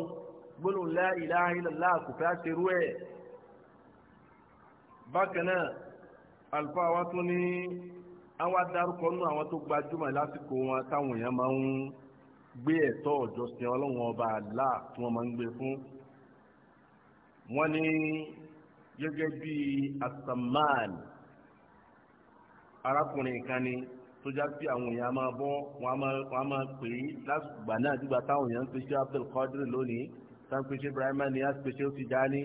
gbólóhùn la ilaha illallah kò fẹ́ ṣerú ẹ̀ bákan náà àlùfáà wa tún ní àwọn adarúkọ nínú àwọn tó gbajúmọ̀ lásìkò wọn táwọn èèyàn máa ń gbé ẹ̀tọ́ ọ̀jọ̀sìn ọlọ́run ọba àlá tí wọ́n máa ń gbé fún wọ́n ní gẹ́gẹ́ bí asaman arákùnrin kan ni tó já sí àwọn èèyàn máa bọ́ wọ́n á máa pè é lásìkò gbà náà dígbà táwọn èèyàn ń pèsè Abdul lónìí táwọn pèsè Ibrahima ni á pèsè ó ti dání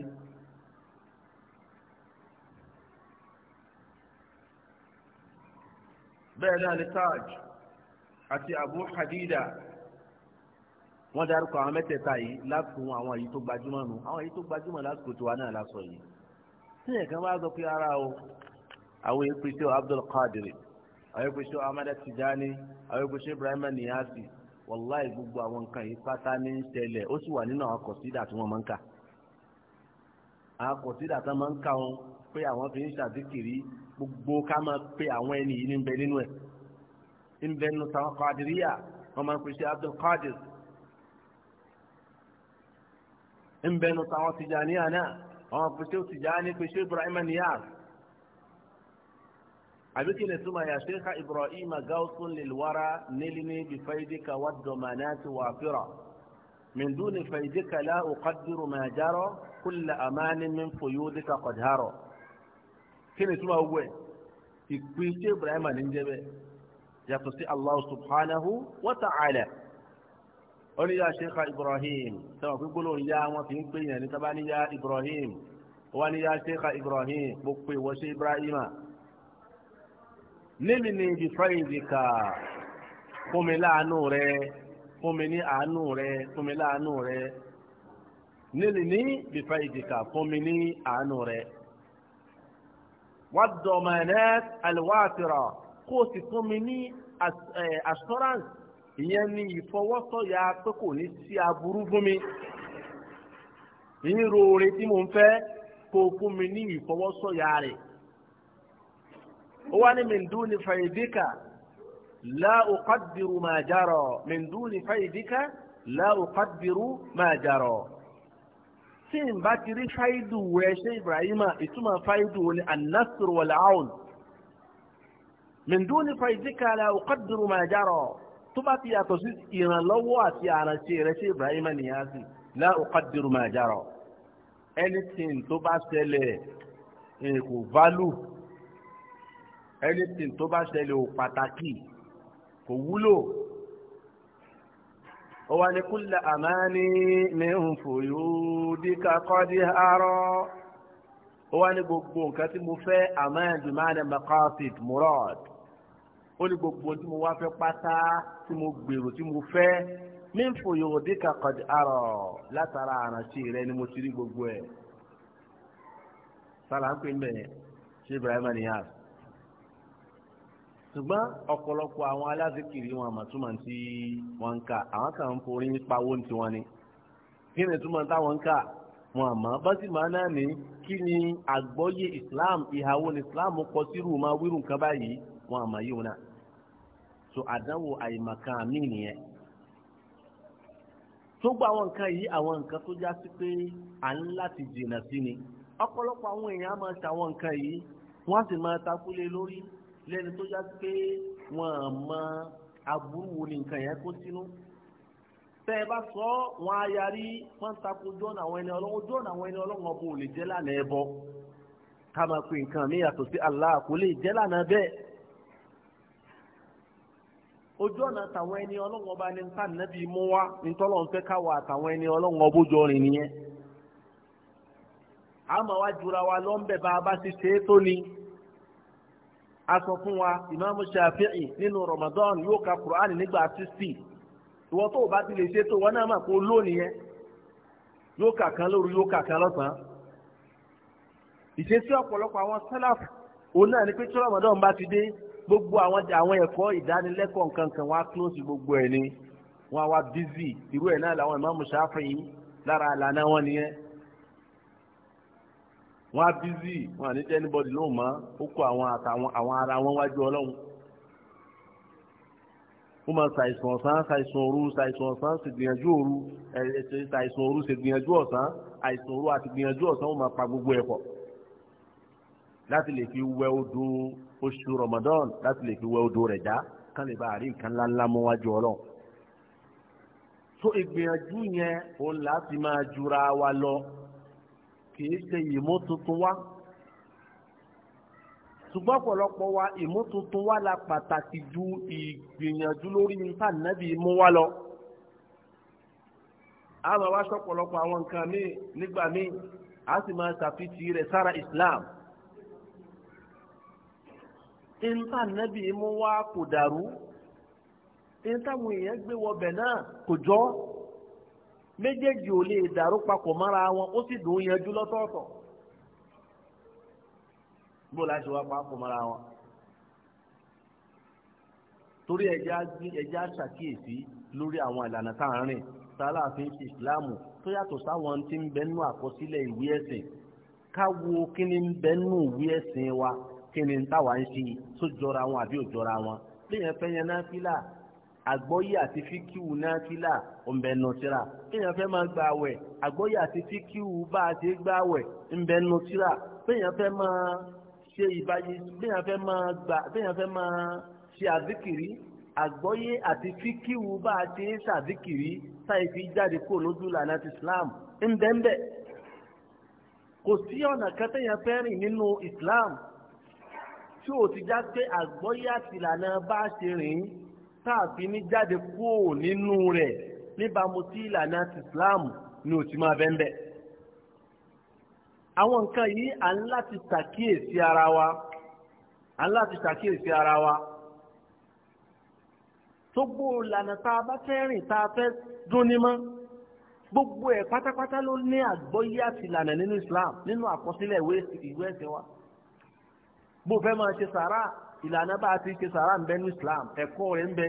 bẹ́ẹ̀ náà ni taj àti abu hadida wọ́n dárúkọ àwọn mẹ́tẹ̀ẹ̀ta yìí láti fún àwọn èyí tó gbajúmọ̀ nù àwọn èyí tó gbajúmọ̀ lásìkò tiwa náà lásọ yìí tí ẹ̀kan bá sọ pé ara o àwọn èyí Abdul Qadir àwọn èyí Tijani àwọn Ibrahim Niyasi wàláì gbogbo àwọn nǹkan yìí pátá ní ó sì wà nínú àwọn kọ̀sídà tí wọ́n máa ń kà àwọn kọ̀sídà gbogbo ká máa pe àwọn ẹni yìí níbẹ̀ nínú ẹ̀ níbẹ̀ nínú táwọn kadiriya wọ́n máa ń pèsè Abdul Qadir níbẹ̀ nínú táwọn tijaniya náà wọ́n máa pèsè tijani pèsè Ibrahim Niyas abiki ne tuma ya shekha Ibrahim gausun lilwara nilini bifaidika wà manati wafira من دون فيدك لا أقدر ما جرى كل أمان من فيودك قد هرى kí ni túmọ̀ owó ẹ̀ ìpín ṣé Ibrahim ní jẹ́ bẹ́ẹ̀ yàtọ̀ sí Allah subhanahu wa ta'ala ó ní yá ṣèkà Ibrahim sábà pé gbólóhùn yá wọn fi ń pè yàn ní sábà ní yá Ibrahim wọn ní yá ṣèkà Ibrahim mo pè wọ́n ṣe Ibrahim níbi ni ibi fáyìndìkà fún mi láàánú rẹ fún mi ní àánú rẹ fún mi láàánú rẹ níbi ni ibi fáyìndìkà fún mi ní àánú rẹ wad-damanat al-wafira kó o sì fún mi ní assurance ìyẹn ní ìfọwọ́sọ̀yà pé kò ní sí aburú fún mi ìyín roore tí mo ń fẹ́ kó o fún mi ní ìfọwọ́sọ̀yà rẹ̀ ó wá ní min duni faidika la uqaddiru ma jara min duni faidika tí n bá ti rí fáìdù wẹ ṣe ibrahima ìtumọ̀ fáìdù wọn ni anasur wal aun min duni fáìdíkà la uqaddiru ma jara tó bá ti yàtọ̀ sí ìrànlọ́wọ́ àti àrànṣe rẹ ṣe ibrahima nìyá sí la uqaddiru ma jara anything tó bá ṣẹlẹ̀ kò value anything tó bá ṣẹlẹ̀ ò pàtàkì kò wúlò wà ní kúlẹ̀ àmání ní nfòyó díkà kọ́dí arọ́ wà ní gbogbo nǹkan tí mo fẹ́ àmání bimane makasid murad ó ní gbogbo tí mo wá fẹ́ pátá tí mo gbèrò tí mo fẹ́ ní nfòyó díkà kọ́dí arọ́ látara àrántí rẹ ni mo ti rí gbogbo ẹ̀ sálà ń pè mẹ́ ṣé Ibrahim niyàs ṣùgbọ́n ọ̀pọ̀lọpọ̀ àwọn alázikiri wọn àmàtúmọ̀ tí wọ́n ń kà àwọn kan ń forí pawó tí wọ́n ní kí ni túmọ̀ táwọn ń kà wọn àmọ́ bá máa náà ní kí ni àgbọ́yé Islam ìhàwó ni Islam kọ sírù máa wírù nǹkan báyìí wọn àmọ́ yìí wọn náà so àdánwò àìmọ̀kan àmì nìyẹn tó gba àwọn nǹkan yìí àwọn nǹkan tó já sí pé à ń láti jìnnà sí ni ọ̀pọ̀lọpọ̀ àwọn èèyàn máa ta àwọn nǹkan yìí wọ́n á sì máa takúlé lórí lẹ́ni tó yá pé wọ́n mọ aburú wo ni nǹkan yẹn kó sínú ẹ bá sọ wọn a yarí wọ́n takò na wọn ẹni ọlọ́wọ́ ẹni lè ẹ ká máa pe nǹkan mi yàtọ̀ sí Allah kò lè jẹ́ ojú ọ̀nà tàwọn ẹni nǹkan mú wá fẹ́ àtàwọn ẹni nìyẹn àmọ́ wá jura wa lọ́nbẹ̀ bá a bá ni. a sọ fún wa ìmáàmù Shafi'i nínú Ramadan yóò ka Qur'an nígbà sixty ìwọ tó o bá ti lè ṣe tó wọn náà mà kó lónìí yẹn yóò kà kan lóru yóò kà kan lọ́sàn-án ìṣesí ọ̀pọ̀lọpọ̀ àwọn sálàfù òun náà ni pé tí Ramadan bá ti dé gbogbo àwọn àwọn ẹ̀kọ́ ìdánilẹ́kọ̀ọ́ nkankan wọn á close gbogbo ẹ̀ ni wọn wá busy irú ẹ̀ náà làwọn ìmáàmù Shafi'i lára àlànà wọn nìyẹn wọ́n á bízì wọ́n à ní tẹ́ anybody lóhùn mọ́ ó kó àwọn àtàwọn àwọn ara wọn wájú ọlọ́run ó máa ṣàìsàn ọ̀sán ṣàìsàn òru ṣàìsàn ọ̀sán ṣègbìyànjú òru ṣàìsàn òru ṣègbìyànjú ọ̀sán àìsàn òru àti gbìyànjú ọ̀sán ó máa pa gbogbo ẹ̀kọ́ láti lè fi wẹ odò oṣù Ramadan láti lè fi wẹ odò rẹ̀ já kán lè bá àrí nǹkan ńláńlá mọ́ wájú ọlọ́run so ìgbìyànjú yẹn òun láti máa jura wa lọ kìí ṣe ìmútuntun wá ṣùgbọ́n ọ̀pọ̀lọpọ̀ wa ìmútuntun wá la pàtàkì ju ìgbìyànjú lórí nípa nàbì mú wá lọ a máa wá sọ̀pọ̀lọpọ̀ àwọn nǹkan míì nígbà míì a sì máa ṣàfihàn rẹ̀ sára Islam nípa nàbì mú wá kò dàrú nípa àwọn èèyàn gbé wọbẹ̀ náà kò jọ́ méjèèjì ò lè dàrú papọ̀ mọ́ra wọn ó sì dùn yanjú lọ́tọ̀ọ̀tọ̀ bó la ṣe wá papọ̀ mọ́ra wọn. torí ẹja ṣàkíyèsí lórí àwọn ìlànà tá à ń rìn sálà fi ń ṣe ìsìláàmù tó yàtọ̀ sáwọn tí ń bẹnu àkọsílẹ̀ ìwé ẹ̀sìn ká wo kí ni ń bẹnu ìwé ẹ̀sìn wa kí ni táwa ń ṣe tó jọra wọn àbí ò jọra wọn. léèyàn fẹ́ yẹn náà fílà àgbọ́yé àti fíkíwù náfìlà ọ̀nbẹ̀nùtìrà kéèyàn fẹ́ máa gba àwẹ̀ àgbọ́yé àti fíkíwù bá a ti gba àwẹ̀ ọ̀nbẹ̀nùtìrà kéèyàn fẹ́ máa ṣe ìbáyé kéèyàn fẹ́ máa gba kéèyàn fẹ́ máa ṣe àzíkìrí àgbọ́yé àti fíkíwù bá a ti ń ṣàzíkìrí táyé fi jáde kó lójú lànà ti Islam ńbẹ́ńbẹ́ kò sí ọ̀nà kẹtẹ́yàn fẹ́ rìn nínú Islam tí ò ti já pé àgbọ́yé àtìlànà bá a ṣe rìn táàfin ní jáde kúrò nínú rẹ̀ níbàámu sí ìlànà Islam ni ò ti máa bẹ́ẹ̀ bẹ́ẹ̀. àwọn nǹkan yìí à ń láti ṣàkíyèsí ara wa à ń láti ṣàkíyèsí ara wa gbogbo ìlànà tá a bá fẹ́ rìn tá a fẹ́ dúnni mọ́ gbogbo ẹ̀ pátápátá ló ní àgbọ́yé àti ìlànà nínú Islam nínú àkọsílẹ̀ ìwé ẹ̀sìn wa bó fẹ́ máa ṣe sàrà ìlànà bá a ti ṣe sàrà ń bẹ ní Islam ẹ̀kọ́ rẹ̀ ń bẹ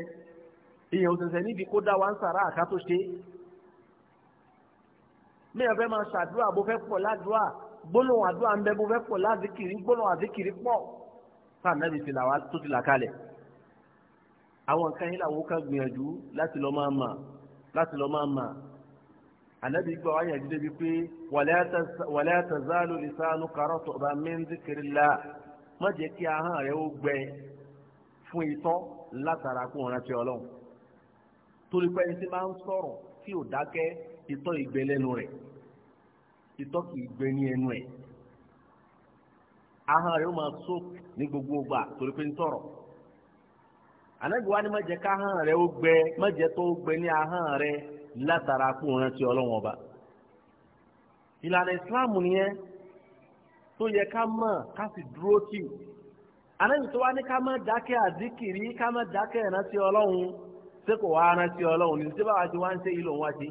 èèyàn òṣèṣẹ́ níbi kó dá wa ń sàrà àká tó ṣe mẹ́yàn fẹ́ máa ṣàdúrà bó fẹ́ pọ̀ ládùúrà gbólóhùn àdúrà ń bẹ bó fẹ́ pọ̀ ládìkìrí gbólóhùn àdìkìrí pọ̀ sáà ti là wá tó ti là kalẹ̀ àwọn nǹkan yìí làwọn kan gbìyànjú láti lọ máa mà láti lọ máa mà ànábì gbọ́ wáyà jíde bíi pé wala tazalu lisanu karọ́tọ̀ bá min dhikrillah má jẹ́ kí ahọ́n rẹ ó gbẹ fún itọ́ látara kó rántí ọlọ́run torí pé ẹni tí máa ń sọ̀rọ̀ tí ò dákẹ́ itọ́ ìgbẹ́ lẹ́nu rẹ̀ itọ́ kì í gbẹ ní ẹnu ẹ̀ ahọ́n rẹ ó máa sọ ní gbogbo ọgbà torí pé ń sọ̀rọ̀ ànágbèwá ni má jẹ́ ká ahọ́n rẹ ó gbẹ má jẹ́ tó gbẹ ní ahọ́n rẹ látara kó rántí ọlọ́run ọba ìlànà ìsìlámù nìyẹn. tó yẹ ká mọ̀ ká sì dúró tì anábì tó wá ní ká má dákẹ́ àdíkìrí ká má dákẹ́ ìrántí ọlọ́run ṣé kò wá rántí ọlọ́run ní tí báwa ti wá ń ṣe ìlò wá ṣe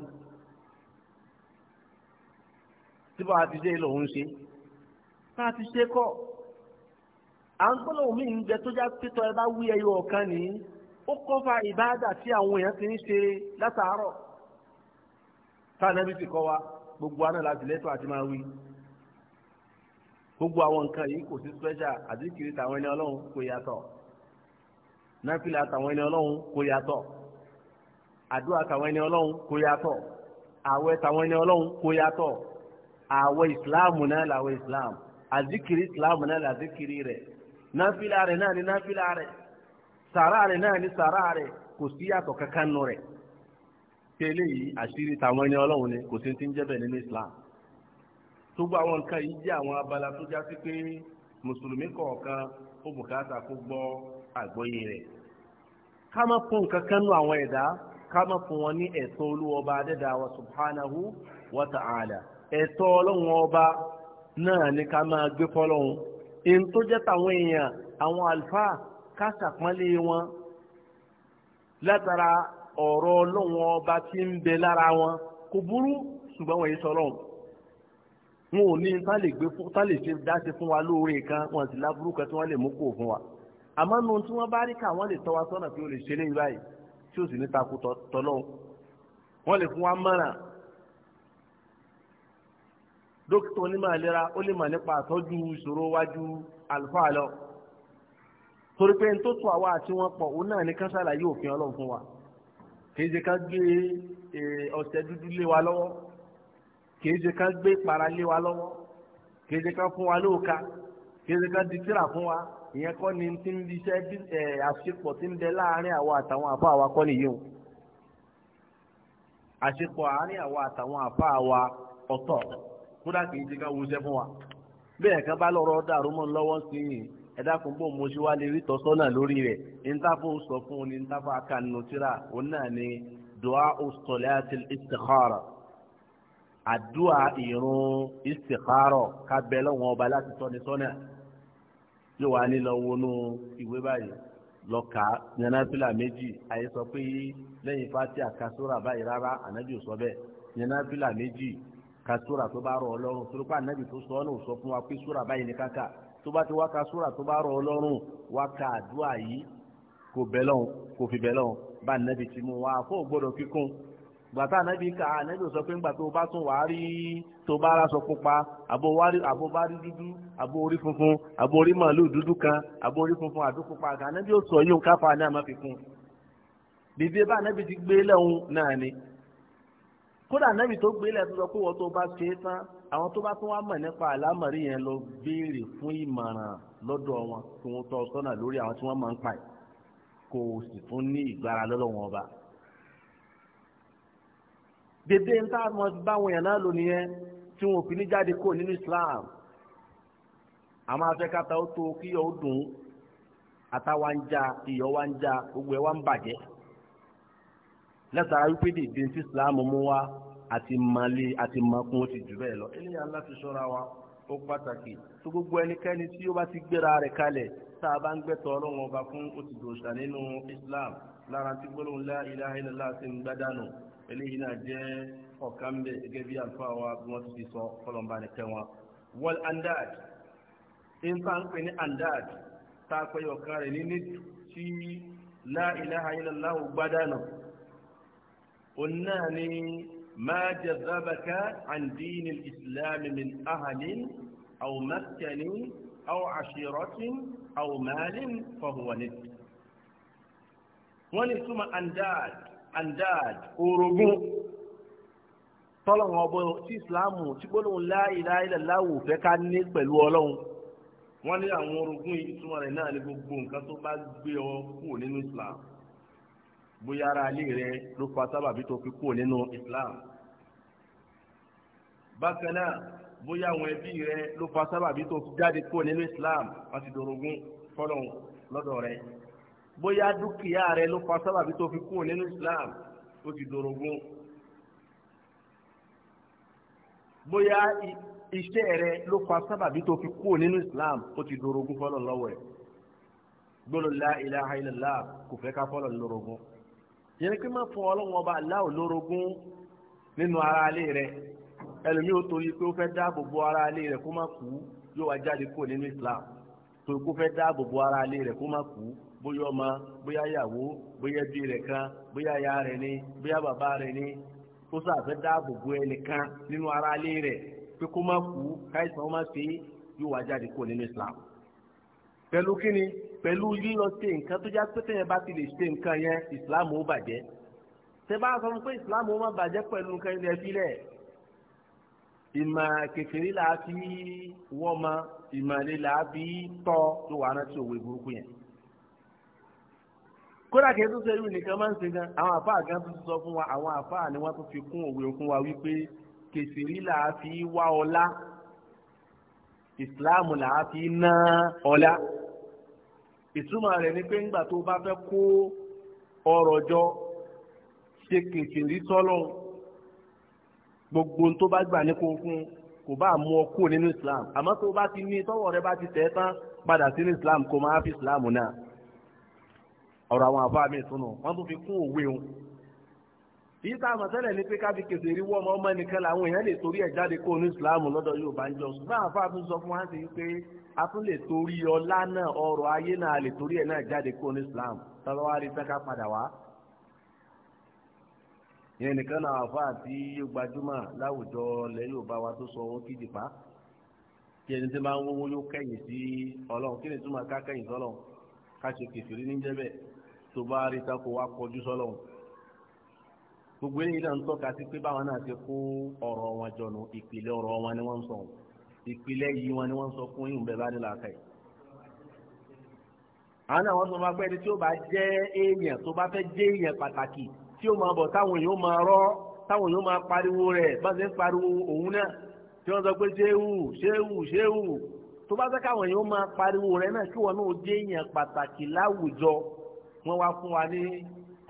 tí báwa ti ṣe ìlò òun ṣe tá a ti ṣe kọ́ à ń gbọ́dọ̀ mí ń jẹ tó já pétọ́ ẹ bá wí ẹyọ ọ̀kan nìyí ó kọ́fà ìbáàdà tí àwọn èèyàn ti ń ṣe látàárọ̀ tá a nábì ti kọ́ wa gbogbo aná láti àti máa wí gbogbo àwọn nǹkan yìí kò sí special àdìkiri tàwọn ẹni ọlọ́run kò yàtọ̀ náfìlà tàwọn ẹni ọlọ́run kò yàtọ̀ àdúrà tàwọn ẹni ọlọ́run kò yàtọ̀ àwẹ̀ tàwọn ẹni ọlọ́run kò yàtọ̀ àwẹ̀ ìsìláàmù náà làwẹ̀ ìsìláàmù àdìkiri ìsìláàmù náà làdìkiri rẹ̀ náfìlà rẹ̀ náà ni náfìlà rẹ̀ sàrà rẹ̀ náà ni sàrà rẹ̀ kò sí yàtọ̀ kankan nù rẹ̀ tẹ́lẹ̀ yìí àṣírí tàwọn ẹni ọlọ́run ni kò sí ti ń jẹ́ bẹ́ẹ̀ nínú ìsìláàmù gbogbo àwọn nǹkan yìí jẹ́ àwọn abala tó já sí pé mùsùlùmí kọ̀ọ̀kan ó bùkátà kó gbọ́ àgbọ́yé rẹ̀ ká má fún nǹkan kan nú àwọn ẹ̀dá ká má fún wọn ní ẹ̀tọ́ olúwọba adẹ́dàá wa subhanahu wa ta'ala ẹ̀tọ́ ọlọ́run ọba náà ni ká máa gbé fọlọ́run èyí tó jẹ́ tàwọn èèyàn àwọn àlùfáà ká ṣàpọ́nlé wọn látara ọ̀rọ̀ ọlọ́run ọba tí ń bẹ lára wọn kò burú ṣùgbọ́n wọ́n yìí sọ wọn ò ní tá lè gbé fún tá lè ṣe dáṣe fún wa lóore kan wọn sì láburú kan tí wọn lè mú kó fún wa àmọ́ nu tí wọ́n bá rí ká wọ́n lè tọ́ wa sọ́nà tí ó lè ṣe lé ibáyìí tí ó sì ní takò tọ́lọ́hún wọ́n lè fún wa mọ́ràn dókítà onímọ̀ ìlera ó lè mọ̀ nípa àtọ́jú ìṣòro wájú àlùfáà lọ torí pé tó tó àwa àti wọn pọ̀ òun náà ní ká ṣàlàyé òfin ọlọ́run fún wa kì í ṣe ká gbé eh, ọ̀sẹ̀ dúdú lé wa lọ́wọ́ kìí ṣe ká gbé ìpara lé wa lọ́wọ́ kìí ṣe ká fún wa lóòka kìí ṣe ká dìtìrà fún wa ìyẹn kọ́ ni ti ń diṣẹ́ àṣepọ̀ ti ń bẹ láàárín àwa àtàwọn àfa àwa kọ́ nìyí o àṣepọ̀ àárín àwa àtàwọn àfa àwa ọ̀tọ̀ kódà kìí ṣe ká wuṣẹ́ fún wa bẹ́ẹ̀ kan bá lọ́rọ̀ dàrú mọ́ lọ́wọ́ sí i ẹ̀dá kan mo ṣe wá lè rí tọ́sọ́nà lórí rẹ̀ nítafó sọ fún un ní nítafó akannutira òun náà ni dua ustolat istikhara àdúà ìrun istikharo kábẹ́ lọ́wọ́n ọba láti tọ́ni sọ́nà yóò wá nílọ wọnú ìwé báyìí lọ́ka yanáfílà méjì àyè sọ pé lẹ́yìn fati àkàsúrà báyìí rárá ànábì ò sọ bẹ́ẹ̀ yanáfílà méjì kàsúrà tó bá rọ ọlọ́run tó lópa ànábì tó sọ ọ́nà ò fún wa pé súrà báyìí ní káka tó bá ti wá kàsúrà tó bá rọ ọlọ́run wá ka àdúà yìí kò bẹ́ kò fi bẹ́ bá ànábì ti mú wa fún ògbọ́dọ̀ kíkún gbàtà ànábì ká ànábì sọ pé ńgbà tó bá tún wàá rí tó bá aṣọ pupa àbò wárí àbò bá rí dúdú àbò orí funfun àbò orí màálù dúdú kan àbò orí funfun àdó pupa kan ànábì ó sọ yóò káfa ní àmọ́ fi kún bíbí bá ànábì ti gbé lẹ́hùn náà ni kódà ànábì tó gbé lẹ́hùn tó sọ pé wọ́n tó bá ṣe é tán àwọn tó bá tún wá mọ̀ nípa àlámọ̀rí yẹn lọ béèrè fún ìmọ̀ràn lọ́dọ̀ wọn kí wọ́n tọ́ sọ́nà lórí àwọn tí wọ́n máa ń pa kò sì tún ní ìgbára lọ́lọ́wọ́n ọba dèdè ń tá a mọ̀ báwọn yàn náà lò nìyẹn tí wọn ò fi ní jáde kúrò nínú Islam àmọ́ afẹ́kátà ó tó kí yọ̀ ó dùn àtàwa ń já iyọ̀ wa ń já gbogbo ẹ̀ wa ń bàjẹ́ lẹ́sàrá wípé dèdè tí Islam mú wa àti mọ̀lẹ́ àti mọ̀kún ó ti jù bẹ́ẹ̀ lọ eléyà ńlá fi ṣọ́ra wa ó pàtàkì tó gbogbo ẹnikẹ́ni tí ó bá ti gbéra rẹ̀ kalẹ̀ tá a bá ń gbẹ́tọ̀ ọlọ́run ọba fún ó ti nínú Islam lára tí gbólóhùn la ilaha illallah sí ń gbádànù eléyìí náà jẹ́ ọ̀kan bẹ̀ gẹ́gẹ́ bí àlùfáà wa bí wọ́n ti fi sọ fọlọ́nba ní kẹ́ wọn. wọ́n andad nfa ń pè ní andad tá a pè ọ̀kan rẹ̀ ní nídìí tí la ilaha illallah gbádànù. òun náà ni ma jazabaka an dini islam min ahalin aw maskanin aw ashiratin aw malin wọ́n ní túmọ̀ andad andad orogún tọ́lọ̀wọ̀n ọbọ̀ tí ìsìláàmù tí gbólóhùn la ilaha illallah fẹ́ ká ní pẹ̀lú ọlọ́run wọ́n ní àwọn orogún ìtumọ̀ rẹ̀ náà ní gbogbo nǹkan tó bá gbé ọ kúrò nínú islam bóyá ara ilé rẹ ló fa sábàbí tó fi kúrò nínú islam bákan náà bóyá àwọn ẹbí rẹ ló fa sábàbí tó fi jáde kúrò nínú islam wọ́n ti dorogún fọ́lọ́run lọ́dọ̀ rẹ̀ bóyá dúkìá rẹ ló fa sábàbí tó fi kúrò nínú Islam tó ti dorogún bóyá iṣẹ́ rẹ ló fa sábàbí tó fi kúrò nínú Islam tó ti dorogún fọlọ́ lọ́wọ́ ẹ̀ gbọ́dọ̀ la ilaha illallah kò fẹ́ ká fọlọ́ lórogún yẹn kí n máa fọ ọlọ́run ọba aláwò lórogún nínú ara alé rẹ ẹlòmíì ó torí pé ó fẹ́ dáàbò bo ara alé rẹ kó má kú yóò wá jáde kúrò nínú Islam torí kó fẹ́ dáàbò bo ara alé rẹ kó má kú bóyá ọmọ bóyá ìyàwó bóyá ẹbí rẹ̀ kan bóyá ìyá rẹ̀ ni bóyá bàbá rẹ̀ ni kó sàfẹ́ dáàbò bo ẹnìkan nínú ara ilé rẹ̀ pé kó má kú káìsàn má ṣe yóò wá jáde kúrò nínú Islam. pẹ̀lú kíni pẹ̀lú lílọ ṣe nǹkan tó já pé tẹ̀yẹ bá ti lè ṣe nǹkan yẹn Islam ó bàjẹ́ tẹ bá sọ pé Islam ó má bàjẹ́ pẹ̀lú nǹkan ilẹ̀ fílẹ̀ ìmọ̀ kékeré làá fi wọ́n mọ ìmọ̀ lè làá fi tọ́ tó wà rántí òwe burúkú yẹn kódà kí ẹ tún sọ irú nìkan máa ń ṣe gan àwọn àfáà gan tún sọ fún wa àwọn àfáà ni wọ́n tún fi kún òwe fún wa wípé kèsìrí là á fi wá ọlá ìsìláàmù là á fi ná ọlá ìtumọ̀ rẹ̀ ni pé ńgbà tó bá fẹ́ kó ọrọ̀ jọ ṣe kèsìrí sọ́lọ́ gbogbo tó bá gbà ní kó fún kò bá mú ọ kúrò nínú islam àmọ́ tó bá ti ní tọ́wọ́ rẹ bá ti tẹ̀ tán padà sínú islam kó máa fi islam náà ọ̀rọ̀ àwọn àfa mi tún nù wọ́n tún fi kún òwe wọn. èyí tá a mọ̀ tẹ́lẹ̀ ni pé kábí kèsè rí wọ́n ọmọ nìkan làwọn èèyàn lè torí ẹ̀ jáde kó ní ìsìláàmù lọ́dọ̀ Yorùbá ń jọ ṣùgbọ́n àfa mi sọ fún wa sí pé a tún lè torí ọlá náà ọrọ̀ ayé náà lè torí ẹ̀ náà jáde kó ní ìsìláàmù tọ́lọ́ wa rí sẹ́ká padà wá. ìyẹn nìkan náà àfa àti gbajúmọ̀ láwùjọ lẹ́ Yorùbá wa tó sọ wọn kíjì pa kí ẹni tí máa ń wọ́wọ́ yóò kẹ́yìn sí Ọlọ́run kí ni túmọ̀ ká kẹ́yìn sí Ọlọ́run ká tó bá rí tako wá kọjú sọ́lọ́hun gbogbo eléyìí náà ń tọ́ka sí pé báwọn náà ti kó ọ̀rọ̀ wọn jọnu ìpìlẹ̀ ọ̀rọ̀ wọn ni wọ́n ń sọ ìpìlẹ̀ yìí wọn ni wọ́n ń sọ fún yìí ń bẹ bá nílò àkàyè. àwọn náà wọ́n sọ máa pẹ́ ẹni tí ó bá jẹ́ èèyàn tó bá fẹ́ jẹ́ èèyàn pàtàkì tí ó máa bọ̀ táwọn èèyàn máa rọ́ táwọn èèyàn máa pariwo rẹ̀ bá ṣe ń pariwo òun náà tí wọ́n sọ pé ṣéwù ṣéwù ṣéwù tó bá fẹ́ káwọn èèyàn máa pariwo rẹ̀ náà kí wọn náà jẹ́ èèyàn pàtàkì láwùjọ wọ́n wá fún wa ní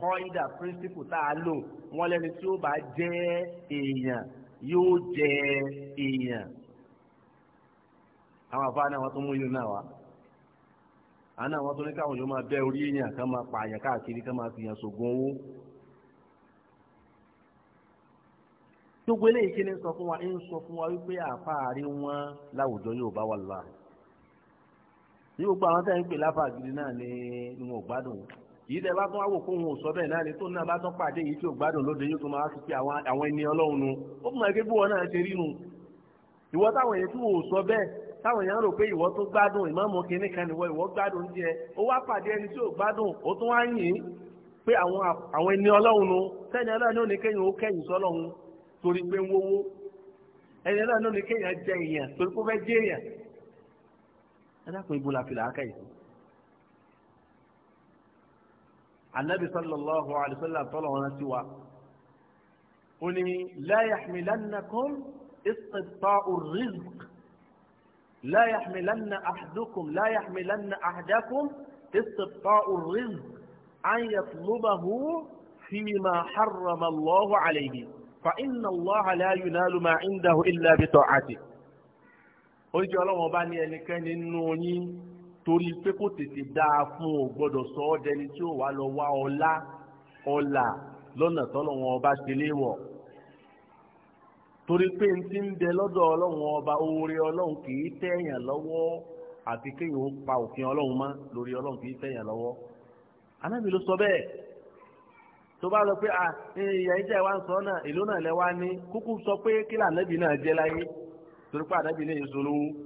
kọ́ńdà píríncípù tá a lò wọ́n lẹ́ni tí ó bá jẹ́ èèyàn yóò jẹ́ èèyàn. àwọn àfáàní àwọn tó mú yìí náà wá àná àwọn tó ní káwọn yóò máa bẹ orí èèyàn kán máa pààyàn káàkiri kán máa fìyàn sògùn owó. gbogbo eléyìí kí ni sọ fún wa ń sọ fún wa wípé àfáàrí wọn láwùjọ yóò bá wà láàrin ní gbogbo àwọn tẹ́ ń pè láfàgìrì náà ni wọn ò gbádùn yìí tẹ́ bá tún wáwò kó wọn ò sọ bẹ́ẹ̀ náà ni tó náà bá tún pàdé yìí tí ò gbádùn lóde yóò tún máa fi pé àwọn ẹni ọlọ́run nu ó fún ẹgbẹ́ bí wọn náà ṣe rí nu ìwọ táwọn èyí tí wọn ò sọ bẹ́ẹ̀ táwọn èèyàn rò pé ìwọ tó gbádùn ìmáàmù kínní kan nìwọ ìwọ gbádùn díẹ̀ ó wá pàdé ẹni tí ò gbádùn ó tún wá yìn pé àwọn ẹni ọlọ́run nu sẹ́ni ọlọ́run ní kéyìn ó kẹ́yìn sọ́lọ́run torí pé ń wówó ẹni ọlọ́run ní kéyìn jẹ èèyàn torí pé ó fẹ́ jẹ èèyàn هذا هو يقول في العكاية النبي صلى الله عليه وسلم قال طلع نسوى قلني لا يحملنكم استطاع الرزق لا يحملن أحدكم لا يحملن أحدكم استطاع الرزق أن يطلبه فيما حرم الله عليه فإن الله لا ينال ما عنده إلا بطاعته oúnjẹ ọlọ́wọ́n bá ní ẹnikẹ́ni nínú yín torí pé kò tètè dáa fún o gbọ́dọ̀ sọ ọ́ dẹni tí ó wà lọ wá ọlá ọlà lọ́nà tọ́lọ́wọ́n ọba ṣe léwọ̀ torí pé n ti ń bẹ lọ́dọ̀ ọlọ́wọ́n ọba oore ọlọ́run kì í tẹ̀yàn lọ́wọ́ àti kéèyàn ó pa òfin ọlọ́run mọ́ lórí ọlọ́run kì í lọ́wọ́ anábì sọ bẹ́ẹ̀ tó bá lọ pé ìyá sọ náà ìlú náà lẹ́wà torí pé ànábì lè zolówó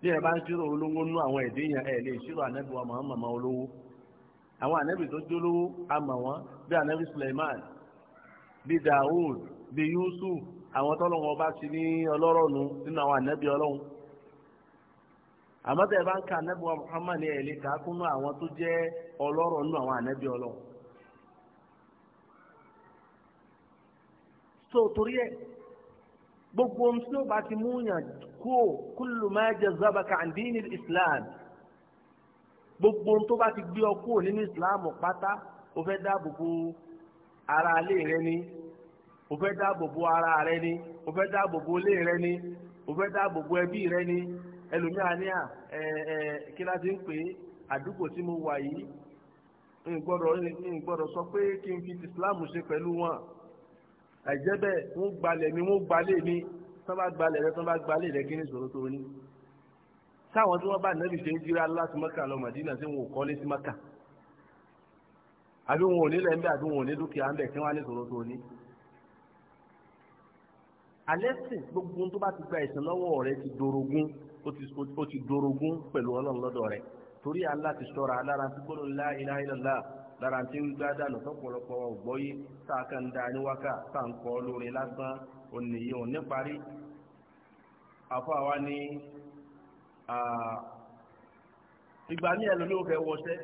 bí ẹ bá ń ṣírò olówó nú àwọn ẹ̀dẹ́ yẹn ẹ lè ṣírò ànábì wa màmá màmá olówó àwọn ànábì tó jólówó àmà wọn bí ànábì Suleiman bí Dawud bí Yusuf àwọn tọ́lọ́wọ́n bá ti ní ọlọ́rọ̀ nu nínú àwọn ànábì ọlọ́run àmọ́ bá ń ka ànábì wa Muhammad ẹ̀ lè kà á kúnú àwọn tó jẹ́ ọlọ́rọ̀ nínú àwọn ànábì ọlọ́run. so torí ẹ gbogbo ohun tí ó bá ti mú yàn kú ò kullu ma jazabaka an dinil islam gbogbo ohun tó bá ti gbé ọ kú ò nínú islam pátá o fẹ́ dáàbò bo ara ilé rẹ ni o fẹ́ dáàbò bo ara rẹ ni o fẹ́ dáàbò bo ilé rẹ ni o fẹ́ dáàbò bo ẹbí rẹ ni ẹlòmíà ní à ẹ ẹ kí ń pè é àdúgbò tí mo wà yìí n gbọ́dọ̀ n gbọ́dọ̀ sọ pé kí n fi islam ṣe pẹ̀lú wọn àìjẹ́ bẹ́ẹ̀ wọ́n gbalẹ̀ mi wọ́n gbalẹ̀ mi tán bá gbalẹ̀ rẹ tán bá gbalẹ̀ rẹ kí ni ìṣòro tó ní. sáwọn tí wọ́n bá nẹ́bí ṣe ń jíra láti mọ́kà lọ mọ̀dínà tí wọn ò kọ́lé sí mọ́kà àbí wọn ò nílẹ̀ ńbẹ́ àbí wọn ò ní dúkìá ńbẹ́ kí wọ́n á ní ìṣòro tó ní. alẹ́ sìn gbogbo tó bá ti gba ìsìn lọ́wọ́ rẹ ti dorogún ó ti dorogún pẹ̀lú ọlọ́run lọ́dọ̀ rẹ torí Allah ti alára sí gbọ́dọ̀ lára tí ń gbá dànù tọ́pọ̀lọpọ̀ ògbọ́yé tá a kàn dá níwákà tá à ń kọ́ lórí lásán ònìyí ò ní parí àfọ àwa ni ìgbà ní ẹlòmí ò fẹ́ wọṣẹ́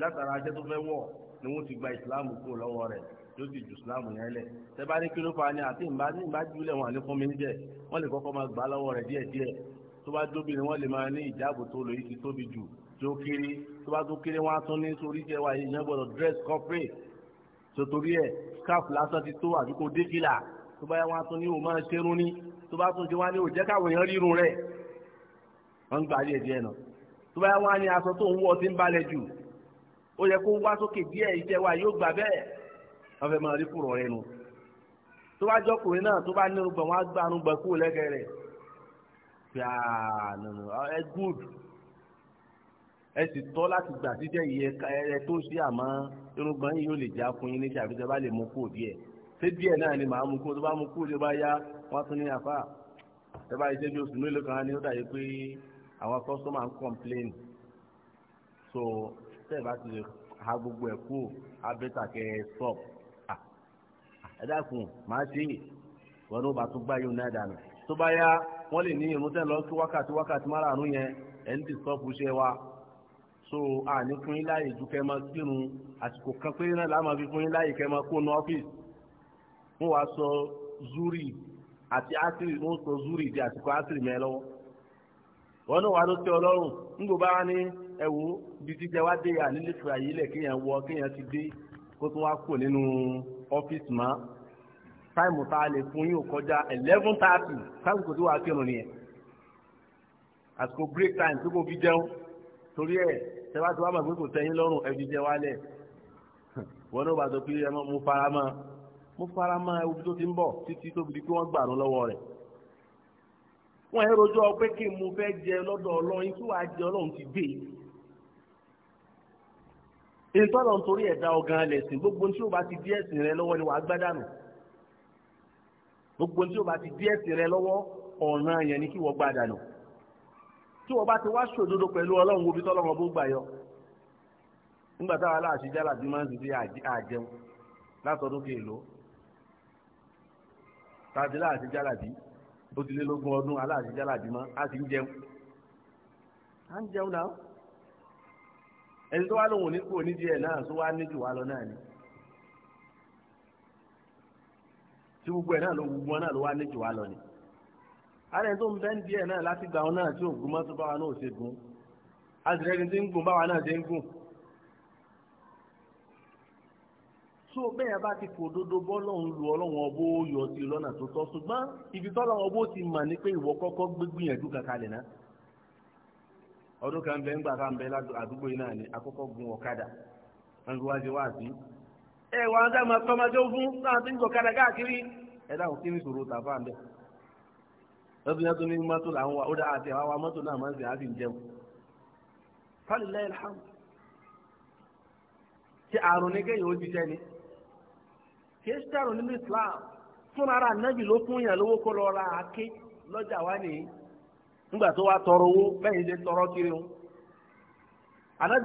látara ajẹ́ tó fẹ́ wọ̀ ni wọ́n ti gba ìsìláàmù kúrò lọ́wọ́ rẹ̀ yóò sì ju ìsìláàmù yẹn lẹ̀ tẹ́bá ní kí ló fa ni àti ìgbà ní ìgbà jùlẹ̀ wọn àlẹ́ fún mi níbẹ̀ wọ́n lè kọ́kọ́ máa gbà lọ́wọ́ rẹ̀ díẹ̀díẹ̀ tó bá dóbi ni wọ́n lè máa ní ìjáàbò tó lò yìí ti tóbi jù tó kéré tó bá tó kéré wọn á tún ní sórí jẹ wa èèyàn gbọ́dọ̀ dress corporate sotori ẹ scarf lásán ti tó àbí kò dé fìlà tó bá yẹ wọn á tún ní o máa ṣerun ní tó bá tún ṣe wọn á ní o jẹ káwọn èèyàn rírun rẹ wọn ń gbà díẹ̀ díẹ̀ náà tó bá yẹ wọn á ní aṣọ tó ń wọ ti ń balẹ̀ jù ó yẹ kó wá sókè díẹ̀ iṣẹ́ wa yóò gbà bẹ́ẹ̀ wọn fẹ́ máa rí fùrọ̀ rẹ nu tó bá jọkùnrin náà tó bá nírun gbọ̀n wọn á gbà nù gbọ̀n kúrò lẹ́gẹ̀ẹ́ rẹ̀ pé àà nùnú ẹ gúdù ẹ sì tọ́ láti gbà títẹ̀ yìí ẹ tó ṣe àmọ́ irúgbọ́n yìí yóò lè já fún yín níṣẹ́ àbíjọba lè mú kó díẹ̀ ṣé díẹ̀ náà ni màá mú kó tó bá mú kó tó bá yá wọ́n tún ní àfà ẹ bá iṣẹ́ bí oṣù mélòó kan ni ó dàbí pé àwọn kọ́sọ́mà ń kọ́ńpléìn so tẹ́ ẹ bá ti ha gbogbo ẹ̀ kú abẹ́tàkẹ́ stop ẹ dákun màá ṣe wọn ló bá tún gbá yóò náà dànù tó bá yá wọ́n lè ní ìrúntẹ́ lọ sí wákàtí wákàtí márààrún yẹn ẹ̀ ń dì stop ṣe wa so àní fún yín láàyè ju kẹ́ máa kírun àsìkò kan péré náà láàmà fi fún yín láàyè kẹ́ máa kó nu ọ́fíìsì wọ́n wá sọ zuri àti asiri wọ́n sọ zuri di àsìkò asiri mẹ́ lọ́wọ́ wọn náà wà ló tẹ ọlọ́run ńgbò bá wá ní ẹ̀wò bí jíjẹ wá dé ànílé fìlà yìí lẹ̀ kéèyàn wọ kéèyàn ti dé kó tún wá kó nínú ọ́fíìsì mọ́ táìmù tá a lè fún yín ò kọjá eleven thirty táìmù kò tí wàá kírun nìyẹn àsìkò break time tó kò fi jẹun torí ẹ̀ tẹ́wá tí wàá mọ̀ pé kò tẹ́yìn lọ́rùn ẹ̀jú jẹ wálẹ̀ wọn náà bá sọ pé ẹ mú fara mọ́ mú fara mọ́ ewu tó ti ń bọ̀ títí tóbi di pé wọ́n gbàrún lọ́wọ́ rẹ̀ wọn ẹ rojọ́ pé kí n mú fẹ́ jẹ lọ́dọ̀ ọlọ́yin tí wàá jẹ ọlọ́run ti gbé ìtọ́lọ̀ nítorí ẹ̀dá ọ̀gán ẹlẹ́sìn gbogbo tí ó bá ti di ẹ̀sìn rẹ lọ́wọ́ ni wàá gbádànù gbogbo tí ó bá ti di ẹ̀sìn rẹ lọ́wọ́ ọ̀ràn yẹn ni kí wọ́n gbádànù tí wọ́n bá ti wá ṣòdodo pẹ̀lú ọlọ́run wo bí tọ́lọ́run ọbọ̀ gbà yọ nígbà táwọn aláàṣẹ jálà bí máa ń ṣiṣẹ́ àjẹun látọdún kí èlò tàbí láàṣẹ jálà bí ó ti lé lógún ọdún aláàṣẹ jálà bí á ti ń jẹun á ń jẹun náà ẹni tó wá lóhùn ní kúrò nídìí ẹ̀ náà tó wá níjù wá lọ náà ni tí gbogbo ẹ̀ náà ló gbogbo náà ló wá níjù wá lọ ni ààrẹ tó ń bẹ́ ń díẹ̀ náà láti gbà wọn náà tí ògùn mọ́tò báwa náà ṣe gùn azìrẹ́ni tí ń gùn báwa náà ṣe ń gùn. tó bẹ́ẹ̀ bá ti kò bọ́ lọ́hùn lu ọlọ́run ọbó yọ sí lọ́nà tó tọ́ ṣùgbọ́n ibi tọ́lọ́run ọbó ti mà ní pé ìwọ kọ́kọ́ gbígbìyànjú kankalẹ̀ náà ọdún kan bẹ ń gbà kan bẹ ládùúgbò yìí náà ni akọ́kọ́ gun ọ̀kadà ẹnìwájú wá sí. ẹ wà á dá máa tọ́ máa jó fún láti ń gbọ̀kadà káàkiri ẹ dáhùn kí ni ìṣòro tàbá ń bẹ̀. lọ́dún yẹn tó ní mọ́tò là na wa ó dá àti àwa mọ́tò náà máa ń sè á sì ń jẹun ṣe àrùn ní kéèyàn ó jíjẹ́ ni kì í ṣàrùn nínú Islam fúnra ara nábì ló fún yàn lówó kó lọ ra lọ́jà tọrọ owó bẹ́ẹ̀ ṣe tọrọ kiri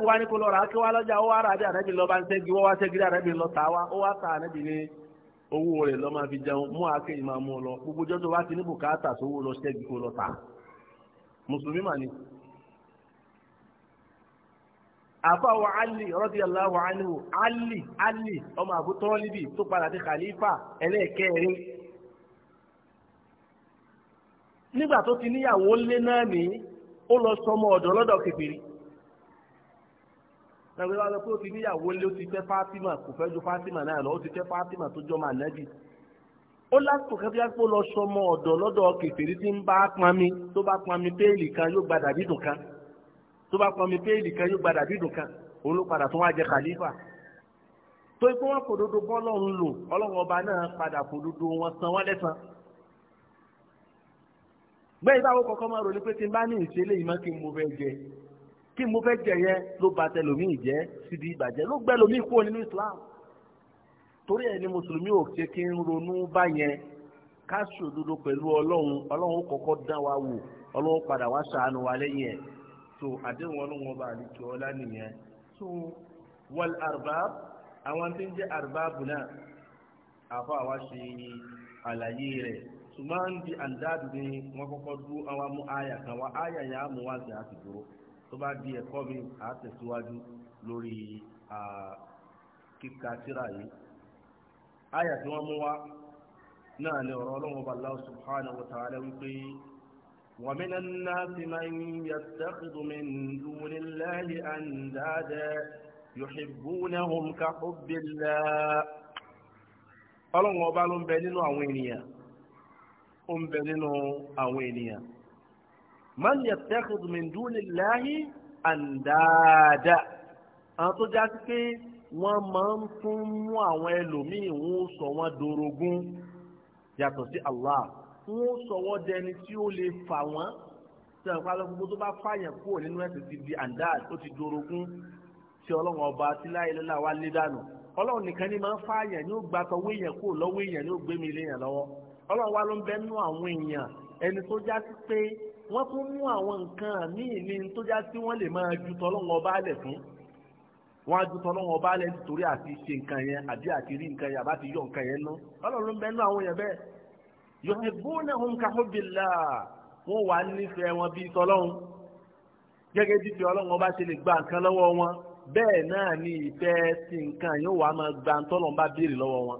wá ní kó lọ ra wá lọ́jà ó wá rà lọ bá ń ṣẹ́gi wọ́n owó rẹ̀ lọ máa fi jẹun mú akéyì máa mú ọ lọ gbogbo jọ́jọ́ wá ti ní bùkátà sówó lọ ṣẹ́gi kó lọ tà mùsùlùmí mà ni. wa Ali radiyallahu wa Ali Ali ọmọ Abu Talibi tó padà di khalifa ẹlẹ́ẹ̀kẹrin. nígbà tó ti níyàwó lé náà ní ó lọ sọmọ ọ̀dọ́ lọ́dọ̀ kékeré. ẹgbẹ́ wa sọ pé ó ti níyàwó lé ó ti fẹ́ Fátímà kò fẹ́ ju Fátímà náà lọ ó ti fẹ́ Fátímà tó jọ́ màá nẹ́bì ó lásìkò kẹ́kẹ́ lọ sọmọ ọ̀dọ̀ lọ́dọ̀ kèfèrí tí ń bá pami tó bá pami péèlì kan yóò gba dàbí dùn kan tó bá pami péèlì kan yóò gba dàbí dùn kan ọba náà padà bá kí mo fẹ́ jẹ yẹn ló ba tẹlòmíì jẹ́ síbi ìbàjẹ́ ló gbẹ́ lòmíì kúrò nínú Islam torí ẹni mùsùlùmí ò ṣe kí ń ronú báyẹn ká ṣòdodo pẹ̀lú ọlọ́run ọlọ́run ó kọ́kọ́ dán wa wò ọlọ́run padà wá ṣàánú wa lẹ́yìn ẹ̀ so àdéhùn ọlọ́run ọba àlejò ọlá nìyẹn so wal arbab àwọn tí ń jẹ́ arbab náà àfọ àwa ṣe àlàyé rẹ̀ ṣùgbọ́n di àǹdáàdù ni wọ́n kọ́kọ́ dúró àwọn amú àyà kan wá àyà yẹn á mú wá sí àti tó bá di ẹ̀kọ́ mi à á tẹ̀síwájú lórí kíka tírà yìí àyà tí wọ́n mú wá náà ni ọ̀rọ̀ ọlọ́run ọba Allah subhanahu wa ta'ala wípé ومن الناس من يتخذ من دون الله أندادا يحبونهم كحب الله ọlọ́run ọba ló ń bẹ nínú àwọn ènìyàn ó ń bẹ nínú àwọn ènìyàn man yattakhidhu min dunillahi andada àwọn tó já sí pé wọ́n máa ń tún mú àwọn ẹlòmíì wọ́n sọ wọ́n dorogún yàtọ̀ sí Allah wọ́n sọ wọ́n dẹni tí ó lè fà wọ́n tí àwọn ìpàdé gbogbo tó bá fàyàn kúrò nínú ẹ̀sìn ti di andad ó ti dorogún tí ọlọ́run ọba tí láyé lọ́la wá lé dànù ọlọ́run nìkan ní máa ń fàyàn ní ó gba tọwọ́ èèyàn kúrò lọ́wọ́ èèyàn ní ó gbé mi léèyàn wọ́n tún mú àwọn nǹkan míì ní tó já sí wọ́n lè máa ju tọ́lọ́wọ́ baálẹ̀ fún wọ́n á ju tọ́lọ́wọ́ baálẹ̀ nítorí àti ṣe nǹkan yẹn àbí àti rí nǹkan yẹn àbá ti yọ nǹkan yẹn ná ọlọ́run bẹ́ẹ̀ náà àwọn èèyàn bẹ́ẹ̀ yuhibbunahum ka hubbillah wọ́n wà nífẹ̀ẹ́ wọn bíi tọ́lọ́run gẹ́gẹ́ bí fi ọlọ́run ọba ṣe lè gba nǹkan lọ́wọ́ wọn bẹ́ẹ̀ náà ni ìfẹ́ sí nǹkan yóò wá máa gba tọ́lọ́run bá béèrè lọ́wọ́ wọn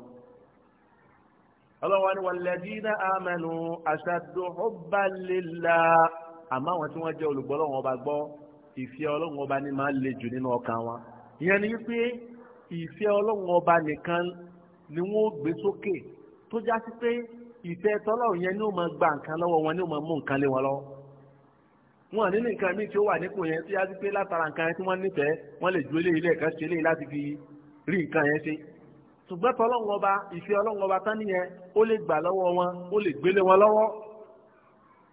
ọlọ́wọ́ ni walladhina amanu ashaddu hubban lillah àmọ́ àwọn tí wọ́n jẹ́ olùgbọ́ Ọlọ́run ọba gbọ́ ìfẹ́ Ọlọ́run ọba ni máa ń le jù nínú ọkàn wọn ìyẹn ni wípé ìfẹ́ Ọlọ́run ọba nìkan ni wọ́n gbé sókè tó já sí pé ìfẹ́ tọ́lọ́run yẹn ni ó máa gba nǹkan lọ́wọ́ wọn ni ó máa mú nǹkan lé wọn lọ́wọ́ wọn nínú nǹkan míì tí ó wà nípò yẹn tí a ti pé látara nǹkan yẹn tí wọ́n nífẹ̀ẹ́ wọ́n lè ju eléyìí lẹ́ẹ̀kan ṣe eléyìí láti fi rí nǹkan yẹn ṣe ṣùgbọ́n tọ́lọ́wọ́n ọba ìfẹ́ ọlọ́wọ́n ọba tán nìyẹn ó lè gbà lọ́wọ́ wọn ó lè gbélé wọn lọ́wọ́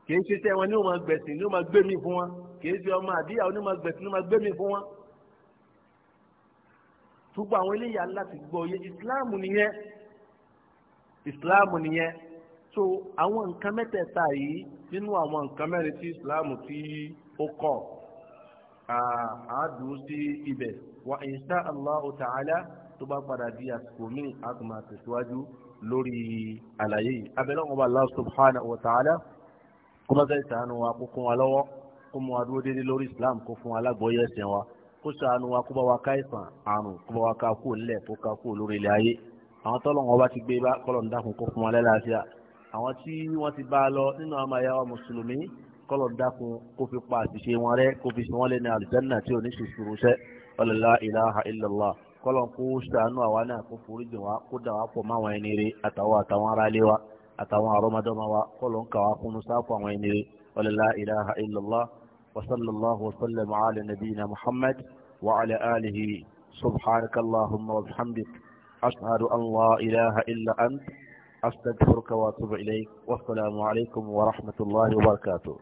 kì í ṣe tẹ́ wọn ní ó máa gbẹ̀sìn ní ó máa gbẹ̀mí fún wọn kì í ṣe ọmọ àdíyà ó ní ó máa gbẹ̀sìn ní ó máa gbẹ̀mí fún wọn. gbogbo àwọn eléyà láti gbọ́ yé ìsìláàmù nìyẹn ìsìláàmù nìyẹn so àwọn nǹkan mẹ́tẹ̀ẹ̀ta yìí nínú àwọn nǹkan mẹ́rin tí ìsìláàmù tí ó kọ̀ àádùn sí ibẹ̀ wa insha ta'ala tó bá padà di àsìkò míì a tún máa tẹ̀síwájú lórí àlàyé yìí abẹ́lẹ́ wọn bá Allah subhanahu wa ta'ala kó má sẹ́yìn sàánú wa kó kún wa lọ́wọ́ kó mú wa dúró déédéé lórí Islam kó fún wa lágbọ́yé ẹ̀sìn wa kó sàánú wa kó bá wa ká ìsàn àrùn kó bá wa ká kú ńlẹ̀ kó ká kú lórí ilẹ̀ ayé àwọn tọ́lọ̀ wọn bá ti gbé bá kọ́lọ̀ dákun kó fún wa lẹ́láàfíà àwọn tí wọ́n ti bá a lọ nínú àwọn àyàwó mùsùlùmí kọlọ̀ dákun kó fi pa àṣìṣe wọn rẹ́ kó fi ṣe wọ́n lé ní àlùjánnà tí ò ní ṣùṣùrù sẹ́ ọlọ́lá ilaha illallah kọ́lọ̀ kó kó forí àwa náà kó ẹni rẹ àtàwọn àtàwọn aráalé wa kó dà wá pọ̀ máwọn ẹni rere àtàwọn àtàwọn aráalé wa àtàwọn àrọ́mọdọ́mọ wa kọ́lọ̀ ń kà wá kúnnú sáfù àwọn ẹni rere ọlọ́lá ilaha illallah وصلى الله وسلم على نبينا wa وعلى آله سبحانك اللهم وبحمدك أشهد ant لا furka wa أنت أستغفرك wa إليك alaykum wa rahmatulahi wa وبركاته